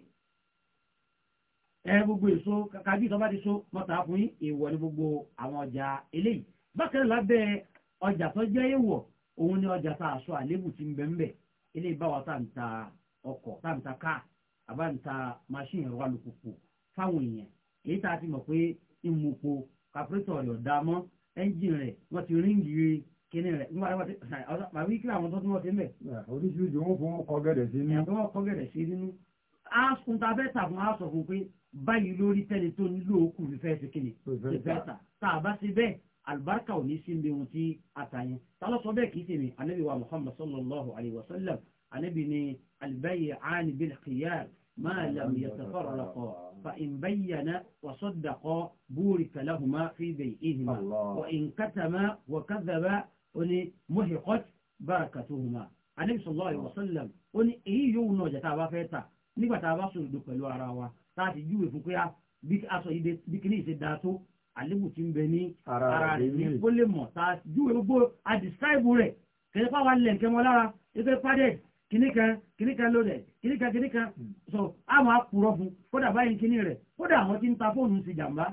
ẹ gbogbo èso kàkàbí ìtọ́ bá ti so mọ̀tà fún yín èèwọ̀ ní gbogbo àwọn ọjà eléyìí bákan lábẹ́ ọjà tó jẹ́ èèwọ̀ òun ni ọjà tá a sọ àlébù ti ń bẹ́ẹ̀ bẹ́ẹ̀ eléyìí báwa tá à ń ta ọkọ̀ tá à ń ta káà àbá ń ta machine ẹ̀rọ alùpùpù fáwọn èèyàn èyí tá a ti mọ̀ pé ìmùpò kàpẹ́tọ̀ ọ̀dà mọ́ ẹ́ńjìn rẹ̀ wọ́n ti ríǹgì kíní rẹ̀ àbí kí àwọn tó tún wọ́n ti mẹ́. oríṣiríṣi wọn fún ọkọ̀ gẹ̀dẹ̀ sí inú. ìyàtọ̀ ọkọ̀ gẹ̀dẹ̀ sí inú. aṣọ ta fẹ́ tà fún aṣọ fún pé báyìí lórí tẹ́ni tó nílò okùn fífẹ́ sí kíni fífẹ́ tà tá a bá sí bẹ́ẹ̀ alibarika ò ní sí ibi ohun tí a tà yẹn bẹ́ẹ̀ kì í sì wa muhammad sallallahu alayhi wa sallam anabi ni albay'ani bil khiyar ma lam yatafarraqa فإن بين وصدق بورك لهما في بيئهما وإن كتما وكذب ó ní muhiqat barakatuhuma anabi sallallahu alaihi wasallam ó ní èyí yóò náà jẹ́ tá a bá fẹ́ tà nígbà tá a bá sòrò dò pẹ̀lú ara wa tá a ti júwe fún pé ah, aṣọ yìí bí kìíní ìṣe dáa tó àlébù ti ń bẹ ní ara ní kó mọ̀ tá a júwe gbogbo a describe rẹ̀ kẹ́lẹ́ pàwọn alẹ́ nǹkan mọ́ lára ẹgbẹ́ pàdé kìnìkan kìnìkan ló dẹ kìnìkan kìnìkan hmm. so a máa purọ́ fún kódà báyìí kìnì rẹ kódà àwọn tí ń ta fóònù sí jàmbá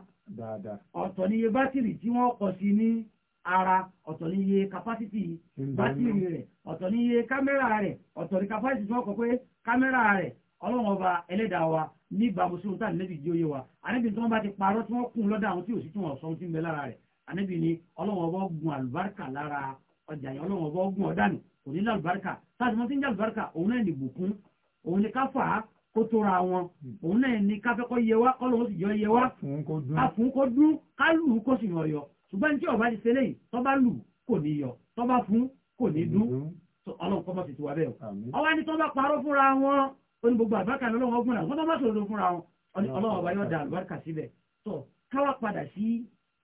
ọ̀tọ̀ ni iye bátìrì tí wọ́n kọ sí ní ara ọ̀tọ̀ ní iye kapásítì bátìrì rẹ̀ ọ̀tọ̀ ní iye kámẹ́rà rẹ̀ ọ̀tọ̀ ní kapásítì tí wọ́n kọ pé kámẹ́rà rẹ̀ ọlọ́run ọba ẹlẹ́dàá wa nígbà mùsùlùmí tá níbi ìdí oyé wa àníbi tí wọ́n bá ti parọ́ tí wọ́n kún lọ́dọ̀ àwọn tí ò sí tí wọ́n sọ ohun tí ń bẹ lára rẹ̀ àníbi ni ọlọ́run ọba gun àlùbáríkà lára ọjà yẹn ọlọ́run ọba gun ọ̀dànù kò ní lálùbáríkà táàtì wọn ti ń jẹ àlùbáríkà òun náà ní bùkún òun ní ká fà á kó tóra wọn òun náà ní ká yẹ wá kọ́ ṣùgbọ́n tí ọba ti ṣẹlẹ̀ yìí tó bá lù kò ní yọ tó bá fún kò ní dún ọlọ́run kọ́ mọ́ ti ti wá bẹ́ẹ̀ o ọwọ́ ni tó bá parọ́ fúnra wọn ó ní gbogbo àbákà lọ́wọ́ fúnra wọn tó bá sọ̀rọ̀ fúnra wọn ọlọ́run ọba yóò da àlùbáríkà síbẹ̀ tó káwá padà sí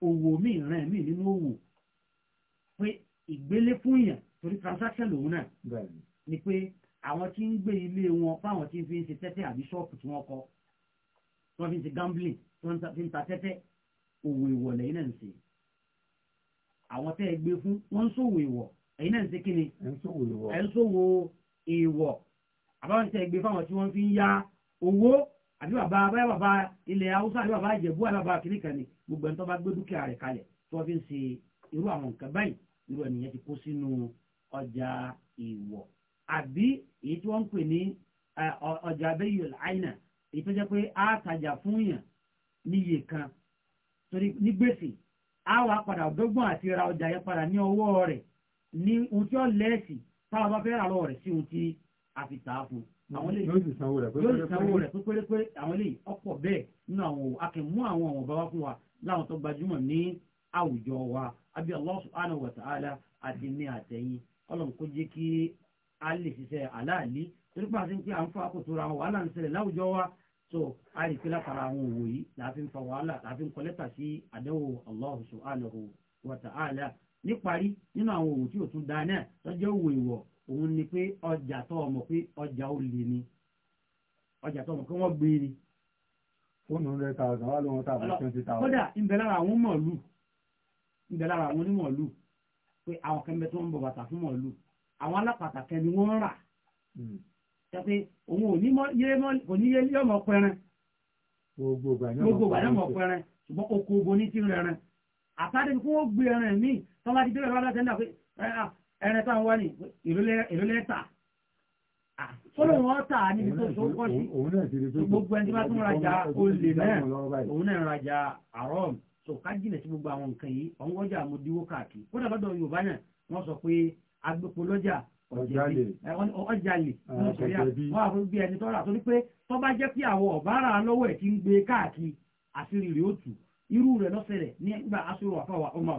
òwò mi ìran nínú òwò pé ìgbélé fún torí transaction lòun náà ni pé àwọn tí ń gbé ilé wọn fáwọn tí ń fi ń ṣe tẹ́tẹ́ àbí ṣọ́ọ̀pù tí wọ́n kọ́ tí wọ́n fi ń ṣe gambling tí wọ́n fi ń ta tẹ́tẹ́ òwò ìwọ̀lẹ̀ yìí náà ń ṣe àwọn tẹ́ ẹ gbé fún wọ́n ń ṣòwò ìwọ̀ ẹ̀yin náà ń ṣe kíni ẹ̀ ń ṣòwò ìwọ̀ àbáwọn tẹ́ ẹ gbé fáwọn tí wọ́n fi ń ya owó àbí bàbá báyà bàbá ilẹ̀ haúsá àbí bàbá ìjẹ̀bú àbí bàbá kìnnì kan ni gbogbo ẹni tó bá gbé dúkìá rẹ̀ kalẹ̀ tí wọ́n fi ń ṣe irú àwọn nǹkan báyìí irú ẹnìyẹn ti kó sínú ọjà ìwọ̀ àbí èyí tí wọ́n ń pè ní ọjà abẹ́yẹ̀ àìnà èyí tó jẹ́ pé á tajà fún yàn níye kan torí ní gbèsè awa wà padà dọ́gbọ́n àti ra ọjà yẹn padà ní ọwọ́ rẹ̀ ní ohun tí ó lẹ́ẹ̀sì táwọn bá fẹ́ ra lọ́wọ́ rẹ̀ sí ohun a fi tà fún yóò sì sanwó rẹ̀ pé pérépé àwọn lè ọ̀pọ̀ bẹ́ẹ̀ nínú àwọn òwò akẹ́mú àwọn ọ̀wọ̀n bá wá fún wa láwọn wa àbí àti ní àtẹ̀yìn ọlọ́run jẹ́ kí a lè ṣiṣẹ́ aláàlí torípàá sí pé wa so a rí pé àwọn òwò yìí láti ń fa wàhálà láti ń kọ lẹ́tà sí àdánwò Allahu subhanahu wa ta'ala níparí nínú àwọn òwò tí ò tún da náà lọ́jọ́ ni pé ọjà tó ọmọ pé ọjà ó lè ni ọjà tó ọmọ pé wọ́n gbé ni. fóònù ta ọ̀sán wà wọn ta àwọn twenty thousand. kódà ń àwọn mọ̀ọ́lù àwọn onímọ̀ọ́lù pé àwọn ń bọ̀ bàtà fún mọ̀ọ́lù pé òun ò ní yé yọmọ pẹrẹn gbogbo ìgbà yọmọ pẹrẹn ṣùgbọ́n oko obo ní ti rẹrẹn àtàdé kí wọ́n gbé ẹran mi tó bá ti dé ẹ̀rọ aláṣẹ náà pé ẹran táwọn wá ní ìrọ̀lẹ́ ta sọ́dọ̀ wọn tà á níbi tó tó kọ́ sí gbogbo ẹni tí wọ́n tún rajà olè náà òun náà rajà àrọ́ọ̀mù so ká jìnà sí gbogbo àwọn nǹkan yìí ọ̀ngọ́jà mo díwó káàkiri kódà lọ́dọ̀ Yorùbá náà wọ́n sọ pé agbépo lọ́jà ọjàlè wọn àfọwọ́ bí ẹni tọ́ra torí pé tó bá jẹ́ pé àwọn ọ̀bára lọ́wọ́ ẹ̀ ti ń gbé káàkiri àṣírí rẹ̀ ó irú rẹ̀ lọ́sẹ̀rẹ̀ nígbà aṣọ àfọwọ́ ọmọ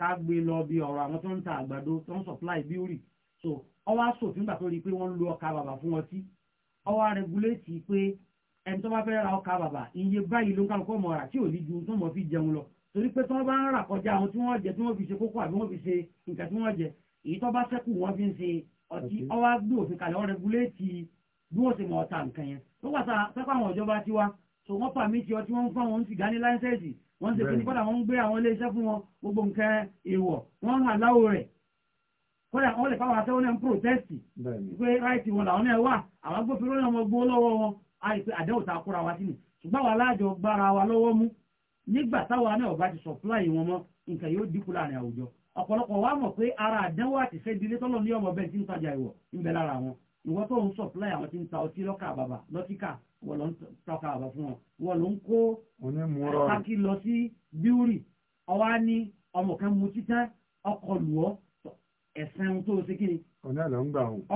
ká gbé lọ bí ọ̀rọ̀ àwọn tó ń ta àgbàdo tó ń supply bíórì so ọwọ́ aṣọ òfìgbà tó rí i pé wọ́n ń lo ọkà bàbà fún ọtí ọwọ́ rẹ̀gúléètì pé ẹni tó bá fẹ́ ra ọkà bàbà iye báyìí ló ń kálukọ́ mọ̀ tí ò ní ju tó mọ̀ fi jẹun lọ torí pé tí bá ń rà kọjá àwọn tí wọ́n jẹ tí wọ́n fi ṣe kókó àbí wọ́n fi ṣe nǹkan tí wọ́n jẹ èyí tó bá ṣẹ́kù wọ́n fi ń ṣe ọtí ọwá gbé òfin kalẹ̀ ọ rẹguléètì bí wọ́n ṣe mọ̀ ọ̀tá nǹkan yẹn tó wà sápá àwọn ìjọba tiwa so wọ́n pàmí tí ọtí wọ́n ń fún àwọn ń sìgá ní láńsẹ̀sì wọ́n ń ṣe pé nípa àwọn ń gbé àwọn iléeṣẹ́ fún wọn gbogbo nǹkan èèwọ̀ wọ́n ń hàn láwo rẹ̀ kódà wọ́n lè fáwọn atẹ́wọ́n náà ń protesti pé ráìtì wọn làwọn náà wà àwọn agbófinró náà wọn gbó lọ́wọ́ wọn àìpé àdéhùn tá a kóra wa sí ni ṣùgbọ́n wa láàjọ gbára wa lọ́wọ́ mú nígbà táwa náà bá ti sọ̀pláì wọn mọ́ nǹkan yóò dínkù láàrin àwùjọ ọ̀pọ̀lọpọ̀ wa mọ̀ pé ara àdánwò àti fẹ́ dilé tọ́lọ̀ ní ọmọ bẹ́ẹ̀ tí ń tajà ìwọ̀ ìbẹ̀ lára wọn ìwọ tó ń sọ̀pláì àwọn tí ń ta ọtí lọ́kà àbàbà lọ́tíkà wọ́n ló ń tọ́ka àbà fún wọn wọ́n ló ń kó kákí lọ sí bíúrì ọwá ní ọmọ kan mu títẹ́ ọkọ̀ lù ọ́ tó ṣe kí ni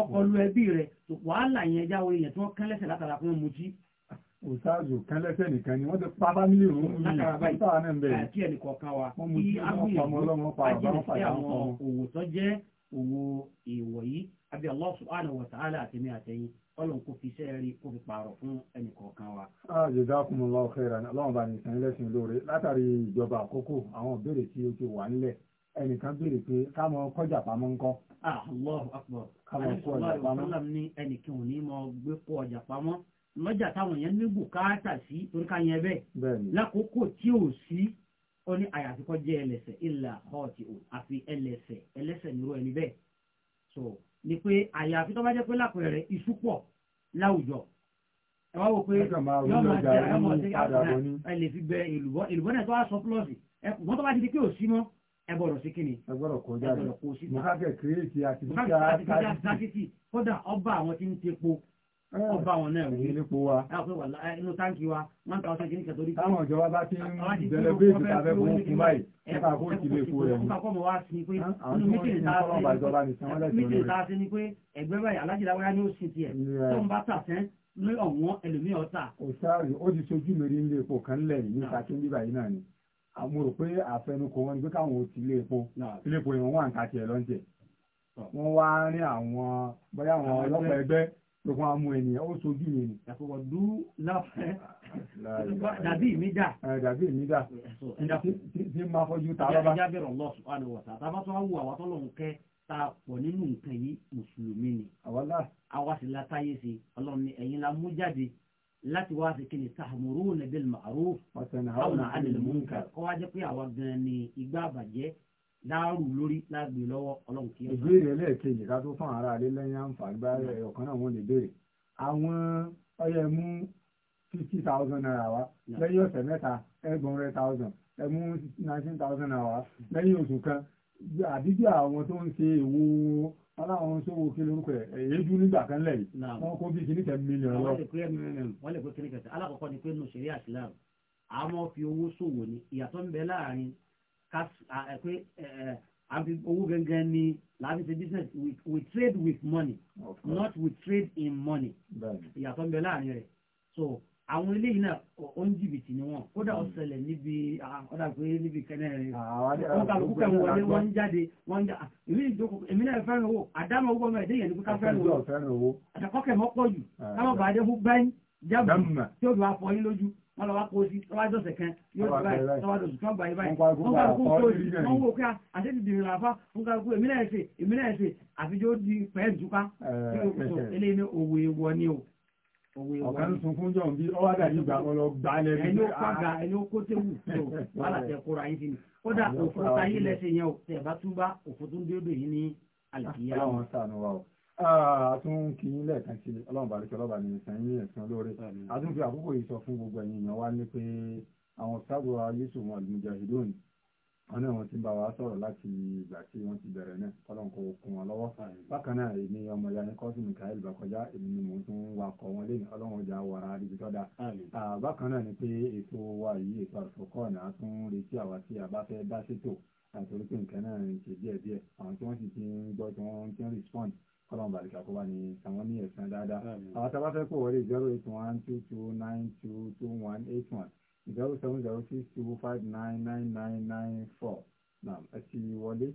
ọkọ̀ ẹbí rẹ̀ wàhálà yẹn jáwé yẹn tí wọ́n kán lẹ́sẹ̀ látara fún mu tí òsáàjò kan lẹ́sẹ̀ nìkan ni wọ́n ti pa fámílì òun ní àbáyítáwà náà bẹ̀rẹ̀ àti ẹnìkọ̀ kan wa kí àwọn òwò tó jẹ́ òwò èèwọ̀ yìí àbí Allah subhanahu wa ta'ala àtẹ̀mí àtẹ̀yìn ọlọ́run kò fi iṣẹ́ rí kó fi pààrọ̀ fún ẹnìkọ̀ọ̀kan wa. Ah, jazakumullahu khairan ọlọ́run bá ní ìsàn ẹlẹ́sìn lóore látàrí ìjọba àkókò àwọn ìbéèrè tí ó ti wà nílẹ̀ ẹnìkan béèrè pé káwọn kọjá pamọ́ ń kọ́. Ah, Allahu akbar. káwọn kọjá pamọ́. àlẹ́ sọ̀rọ̀ àlẹ́ sọ̀rọ̀ ní ẹnìkan ò ní mọ gbé kọ ọjà pamọ́ lọ́jà táwọn èèyàn ní bùkátà sí oríkà yẹn bẹ́ẹ̀ lákòókò tí ò sí ó ní àyàfi kọ́ jẹ́ ẹlẹ́sẹ̀ ìlà ọ̀tí ò àfi ẹlẹ́sẹ̀ ẹlẹ́sẹ̀ nírú ẹni bẹ́ẹ̀ so ni pé àyàfi tó bá jẹ́ pé lápẹ̀rẹ̀ iṣu pọ̀ láwùjọ ẹ wá wò pé yọ̀ọ́ máa jẹ́ ẹ̀rọ ẹ lè fi bẹ èlùbọ́ èlùbọ́ náà tó wá sọ púlọ̀sì ẹ wọ́n tó bá ti di pé ò sí mọ́ ẹ gbọ́dọ̀ sí kíni ẹ gbọ́dọ̀ kó jáde mo ká fẹ́ kírètì àti bíkà àti bíkà àti bíkà kódà ọba àwọn tí ń tepo wọ́n bá wọn náà wí nípo wa inú táǹkì wa one thousand kìíní kẹtọ́ dípò. táwọn ìjọba bá ti ń bẹ̀rẹ̀ bí èsì tàbẹ́ fún òkun báyìí nípa kó ti lè fún rẹ̀ ni. àwọn ọmọ wa sí ni pé inú mítìrì tá a sí ni pé ẹgbẹ́ báyìí alájìláwáyá ni ó sì tiẹ̀ tó ń bá tà sẹ́ń ní ọ̀wọ́n ẹlòmíì ọ̀tà. òṣàrì ó ti sojú mi rí ilé epo kan lẹ̀ ní sàkíńdí báyìí náà ni mo rò pé àfẹnukò wọn ni pé káwọn ò ti ilé epo ilé epo ìwọ̀n wà ń kàtì ẹ̀ lọ́ńtẹ̀ wọ́n wá rí àwọn bóyá àwọn ọlọ́pàá ẹgbẹ́ lókun amú ènìyàn ó sojú mi ni. ẹ̀fọ́ dú láfẹ́ dàbí mi dà. dàbí mi dà tí máa fọjú ta lọ́ba. ìjà bẹ̀rẹ̀ Allah subhanahu wa ta'ala tábà tó wù àwọn tó lọ́hùn kẹ́ ta pọ̀ nínú nǹkan yìí mùsùlùmí ni. àwa sì la táyé sí ọlọ́run ni ẹ̀yin la mú jáde láti wá sí kíni ta'muruna bil ma'ruf. ọ̀sẹ̀ náà àwọn àlè lè mú nǹkan. kọ́ wá jẹ́ pé àwa gan-an ni igbá àbàjẹ́ láàrù lórí lágbè lọ́wọ́ ọlọ́run kí. ìbéèrè ẹlẹ́ẹ̀kejì ká tó fún ara rẹ lẹ́yìn àǹfààní bá mm. ọ̀kan náà wọ́n lè béèrè àwọn ọyẹ mú fifty thousand naira wá lẹ́yìn ọ̀sẹ̀ mẹ́ta ẹgbọ̀n rẹ thousand ẹ mú nineteen thousand naira wá lẹ́yìn oṣù kan àdídí àwọn tó ń ṣe èwo aláwọn sówó kí lórúkọ ẹ èédú nígbà kan lẹ́yìn wọn kó bí kìnnìkan mílíọ̀nù lọ. wọ́n lè pé kìnnìkan alákọ̀ọ́kọ́ ni pé nù sẹ́rí àṣìláàmù àwọn fi owó ṣòwò ni ìyàtọ̀ pé owó gangan ni láti ṣe business we, we trade with money not we trade in money ìyàtọ̀ ń bẹ láàrin rẹ̀ so àwọn eléyìí náà oníjìbìtì ni wọn kódà ó mm. ṣẹlẹ̀ níbi ọdà pé níbi kẹnẹrin wọn kà lóko kẹwọn wọlé wọn ń jáde wọn ń jà èmi ìjókò èmi náà fẹ́ràn owó àdámọ̀ owó ọmọ ẹ̀dẹ́yẹ̀ ní kó ká fẹ́ràn owó àtàkọ́kẹ̀ mọ́ pọ̀ jù káwọn bàdé fún bẹ́ẹ̀ jábù tí ó bá fọyín lójú wọ́n lọ wá kó sí tọ́wájọ́sẹ̀ kan yóò ti báyìí tọ́wájọ́sẹ̀ kan báyìí báyìí wọ́n ká kó tó sí wọ́n wò pé ah, àṣẹ ti dìrìnà àfá wọ́n ká kó èmìnà ẹ̀sẹ̀ èmìnà ẹ̀sẹ̀ àfijọ́ di pẹ́ẹ́ dùkà eléyìí ní òwò ìwọ ni o. ọ̀kan sun fún jọ̀ bí ọwọ́ àgbà yìí gbà wọn lọ gbà á lẹ́nu. ẹni ó ah. pàgà ẹni ó kó tẹ́wù tó wàhálà tẹ kóra yín sí ni kódà òfò àtún ah, kì í lẹ́ẹ̀kan ọlọ́run bàríkẹ́ ọlọ́ba ní ìsẹ̀yìn ẹ̀sìn olóore àtún fi àkókò yìí sọ fún gbogbo ẹ̀yin èèyàn wá ní pé àwọn sábò yusuf al-mujahideen wọn náà wọn ti ń bá wa sọ̀rọ̀ láti ìgbà tí wọ́n ti bẹ̀rẹ̀ náà ọlọ́run kò kún wọn lọ́wọ́ bákan náà èmi ọmọ ìyá yín kọ́sùn mikael bakọjá èmi ni mò ń tún wa kọ́ wọn lẹ́nu ọlọ́run ọjà wàrà àdìbìtọ́dà ah, bákan náà ni pé ètò wa yìí ètò àlùfọ́kọ́ ọ̀nà àtún retí àwa tí a bá fẹ́ dá sétò àti orí pé nǹkan náà ń ṣe díẹ̀díẹ̀ àwọn tí wọ́n sì ti ń gbọ́ tí wọ́n ti ń respond dáadáa àwọn tá a bá fẹ́ kó wọlé zero eight one two two nine two two one eight one zero seven zero six two five nine nine nine nine four naam ẹ ti wọlé.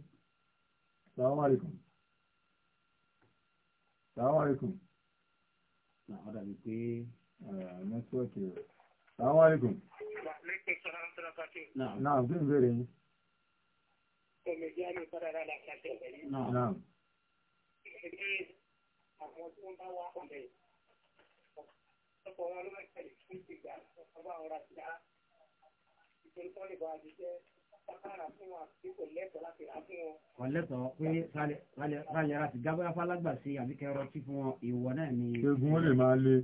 salaam aleykum. na ọ̀dà mi pé. nẹ́tíwọ́ọ̀kì rẹ̀. salaam naam naam kí n yín. omi jẹ́ mi kọ́ dára láti ṣàtẹ̀lẹ́ yìí. naam àwọn tí wọ́n bá wá ọ̀lẹ̀ ọ̀pọ̀ wọn ló máa fún ìgbà ọba ọ̀rá sí ara ìpinnu tó lè jẹ́ pátára fún wa tí kò lẹ́tọ̀ọ́ láti rà fún wọn. wọ́n lẹ́tọ̀ọ́ pé kálẹ̀ láti gábáyà fálágbà sí àbí kẹrọ tí fún wọn ìwọ náà ni. egun ó lè máa le.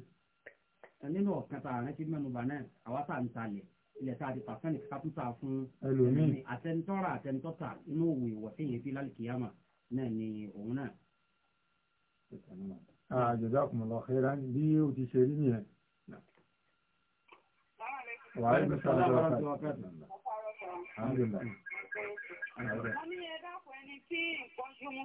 nínú ọ̀kan tá a rántí mẹ́nuba náà àwa tá à ń talẹ̀ ilẹ̀ tá a ti pàṣẹ nìkan kápútà fún ẹlòmíì àtẹnitọ́ra àtẹnitọ́ta inú òwò ìwọ̀ Ah, jazakumullahu khairan bí ó ti ṣe rí nìyẹn. Wà á ní sáà Wọ́n ní ẹ̀dàpọ̀ ẹni tí nǹkan ṣúmú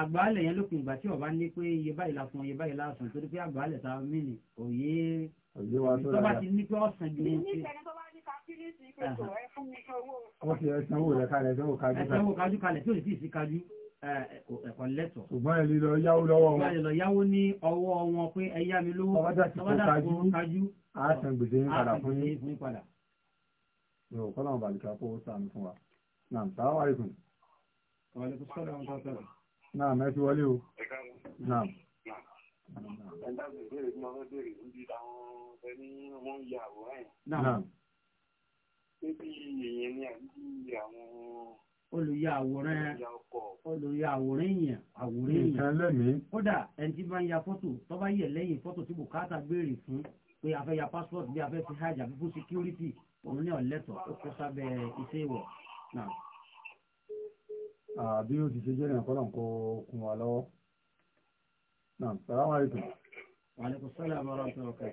Àgbàálẹ̀ yẹn lópin ìgbà tí ọba ní pé iye báyìí la iye báyìí lásán torí pé àgbàálẹ̀ ta mí òye. Òye wa tó dára. Ìjọba ti ní pé ọ̀sán ju. Ní ìṣẹ́ni tó bá wọ́n ti ẹ̀sánwó rẹ̀ kalẹ̀ ẹ̀sánwó kájú kalẹ̀ ẹ̀sánwó kájú kalẹ̀ tí ò sì sí kájú ẹ̀kọ́ lẹ́tọ̀. ṣùgbọ́n ẹ lè lọ yáwó lọ́wọ́ wọn. ẹ lè lọ yáwó ní ọwọ́ wọn pé ẹ yá mi lówó. ọba dà ti kó kájú á san gbèsè yín padà fún yín. yóò kọ́ làwọn bàlùkà kó sàmì fún wa. náà sàrà wà lẹ́kùn. náà mẹ́tí wọlé o. náà. ẹ̀ńdà bèbèrè ni wọ́n bèèrè níbi àwọn ẹni wọ́n yà àwòrán yẹn níbi èèyàn ni àbí àwọn. olùyà àwòrán olùyà àwòrán èèyàn àwòrán èèyàn. nǹkan lẹ́mìí. kódà ẹni tí bá ń ya fọ́tò tó bá yẹ lẹ́yìn fọ́tò tí bùkátà béèrè fún pé a fẹ́ ya passport bí a fẹ́ fi hajj àbí fún security òun ní ọ̀lẹ́tọ̀ ó kó sábẹ́ iṣẹ́ ìwọ̀ náà. àbí ó ti ṣe jẹ́ ìrìn àkọ́lọ̀ kó kún wa lọ́wọ́. náà sàrámà ètò. wàlẹ́kùn sọ́lá àbọ̀rọ̀ àti ọ̀kẹ́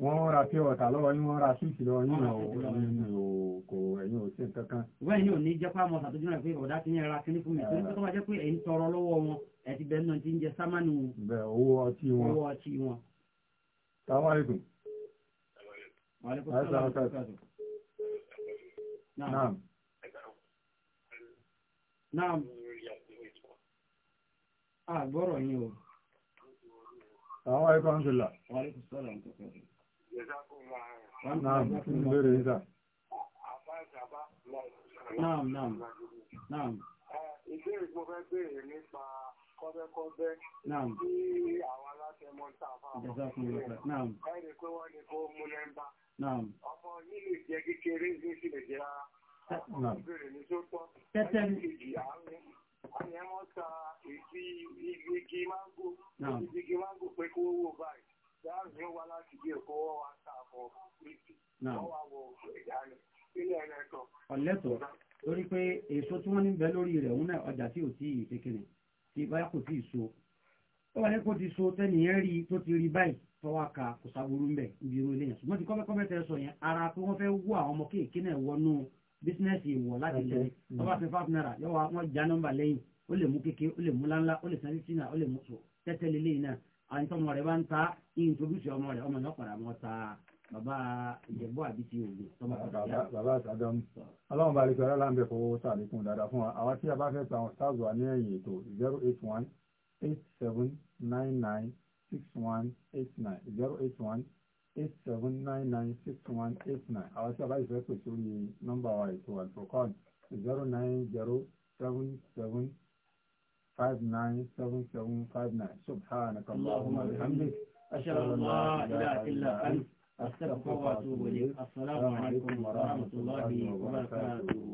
wọ́n ra pé ọ̀tà lọ́wọ́ yín wọ́n ra síìtì lọ́wọ́ yín náà ẹ̀yìn ò kò ẹ̀yìn ò sí nǹkan kan. wọ́n yìí ò ní jẹ́ pàmò ṣàtúnjú náà pé ọ̀dà ti ń ra kíní fún mi torí pé tó bá jẹ́ pé ẹ̀yin tọrọ lọ́wọ́ wọn ẹ̀ ti bẹ̀rẹ̀ náà ti ń jẹ sámánù owó ọtí wọn. owó ọtí wọn. Assalamu alaikum. Naam. Naam. àgbọ̀rọ̀ yín o. Assalamu alaikum. Wa alaikum assalam. Naam, ìbéèrè yìí sà. Naam, naam, naam. Ìbéèrè mo fẹ́ béèrè nípa kọ́bẹ́kọ́bẹ́ tí àwọn aláṣẹ mọ́ta fáwọn ọmọ ẹni pé wọ́n ní kó mú lẹ́mbà. Ọmọ yìí lè jẹ́ kékeré ní sílẹ̀ jẹ́ rárá. Ìbéèrè ní tó tọ́. Tẹ́tẹ́ ní kejì àárín. Àwọn yẹn mọ́ ta èdè igi mángò. Igi mángò pé kó wó báyìí láàrin wa láti gbé ẹ̀kọ́ wọ́n wá sáàbọ̀ méjì wọ́n wá wọ ẹ̀dá rẹ̀ nílẹ̀ ẹ̀rẹ́tọ̀. ọ̀lẹ́tọ̀ lórí pé èso tí wọ́n ní bẹ lórí rẹ̀ òun náà ọjà tí ò tí ì kékeré tí báyà kò tí ì so ó wà ní kó ti so tẹ́nìyàn rí tó ti rí báyìí tọ́wọ́ ka kò sáburú ń bẹ̀ ibi irú ilé yẹn ṣùgbọ́n ti kọ́mẹ́kọ́mẹ́ tẹ sọ yẹn ara pé wọ́n fẹ́ wú àwọn ọmọ kéèké náà wọnú bísínẹ́sì ìwọ̀ láti lẹ́yìn wọ́n fi five naira yọ wọ́n já nọ́mbà lẹ́yìn ó lè mú kéke ó lè mú láńlá ó lè san fifteen naira ó lè mú tẹ́tẹ́ lélẹ́yìn náà àìsàn ọmọ rẹ bá ń ta introduce ọmọ rẹ ọmọ náà padà mọ ta baba ìjẹ̀bú àbí ti òògùn tọmọ àti àbá. bàbá àtàdọ́m ọlọ́run bá rí pẹ̀lú aláǹbẹ̀ fowó sàlékún dáadáa fún wa àwa tí a bá fẹ́ ta àwọn stars wa ní ẹ̀yìn ètò zero eight one eight seven nine nine six one eight nine zero eight one eight seven nine nine six one eight nine àwa tí a bá ìfẹ́ pè sórí nọ́mbà wa ètò àlùfọ́kọ́ọ̀dù zero nine zero seven seven. 597759 سبحانك اللهم وبحمدك أشهد أن لا إله إلا أنت أستغفرك وأتوب إليك السلام عليكم ورحمة الله وبركاته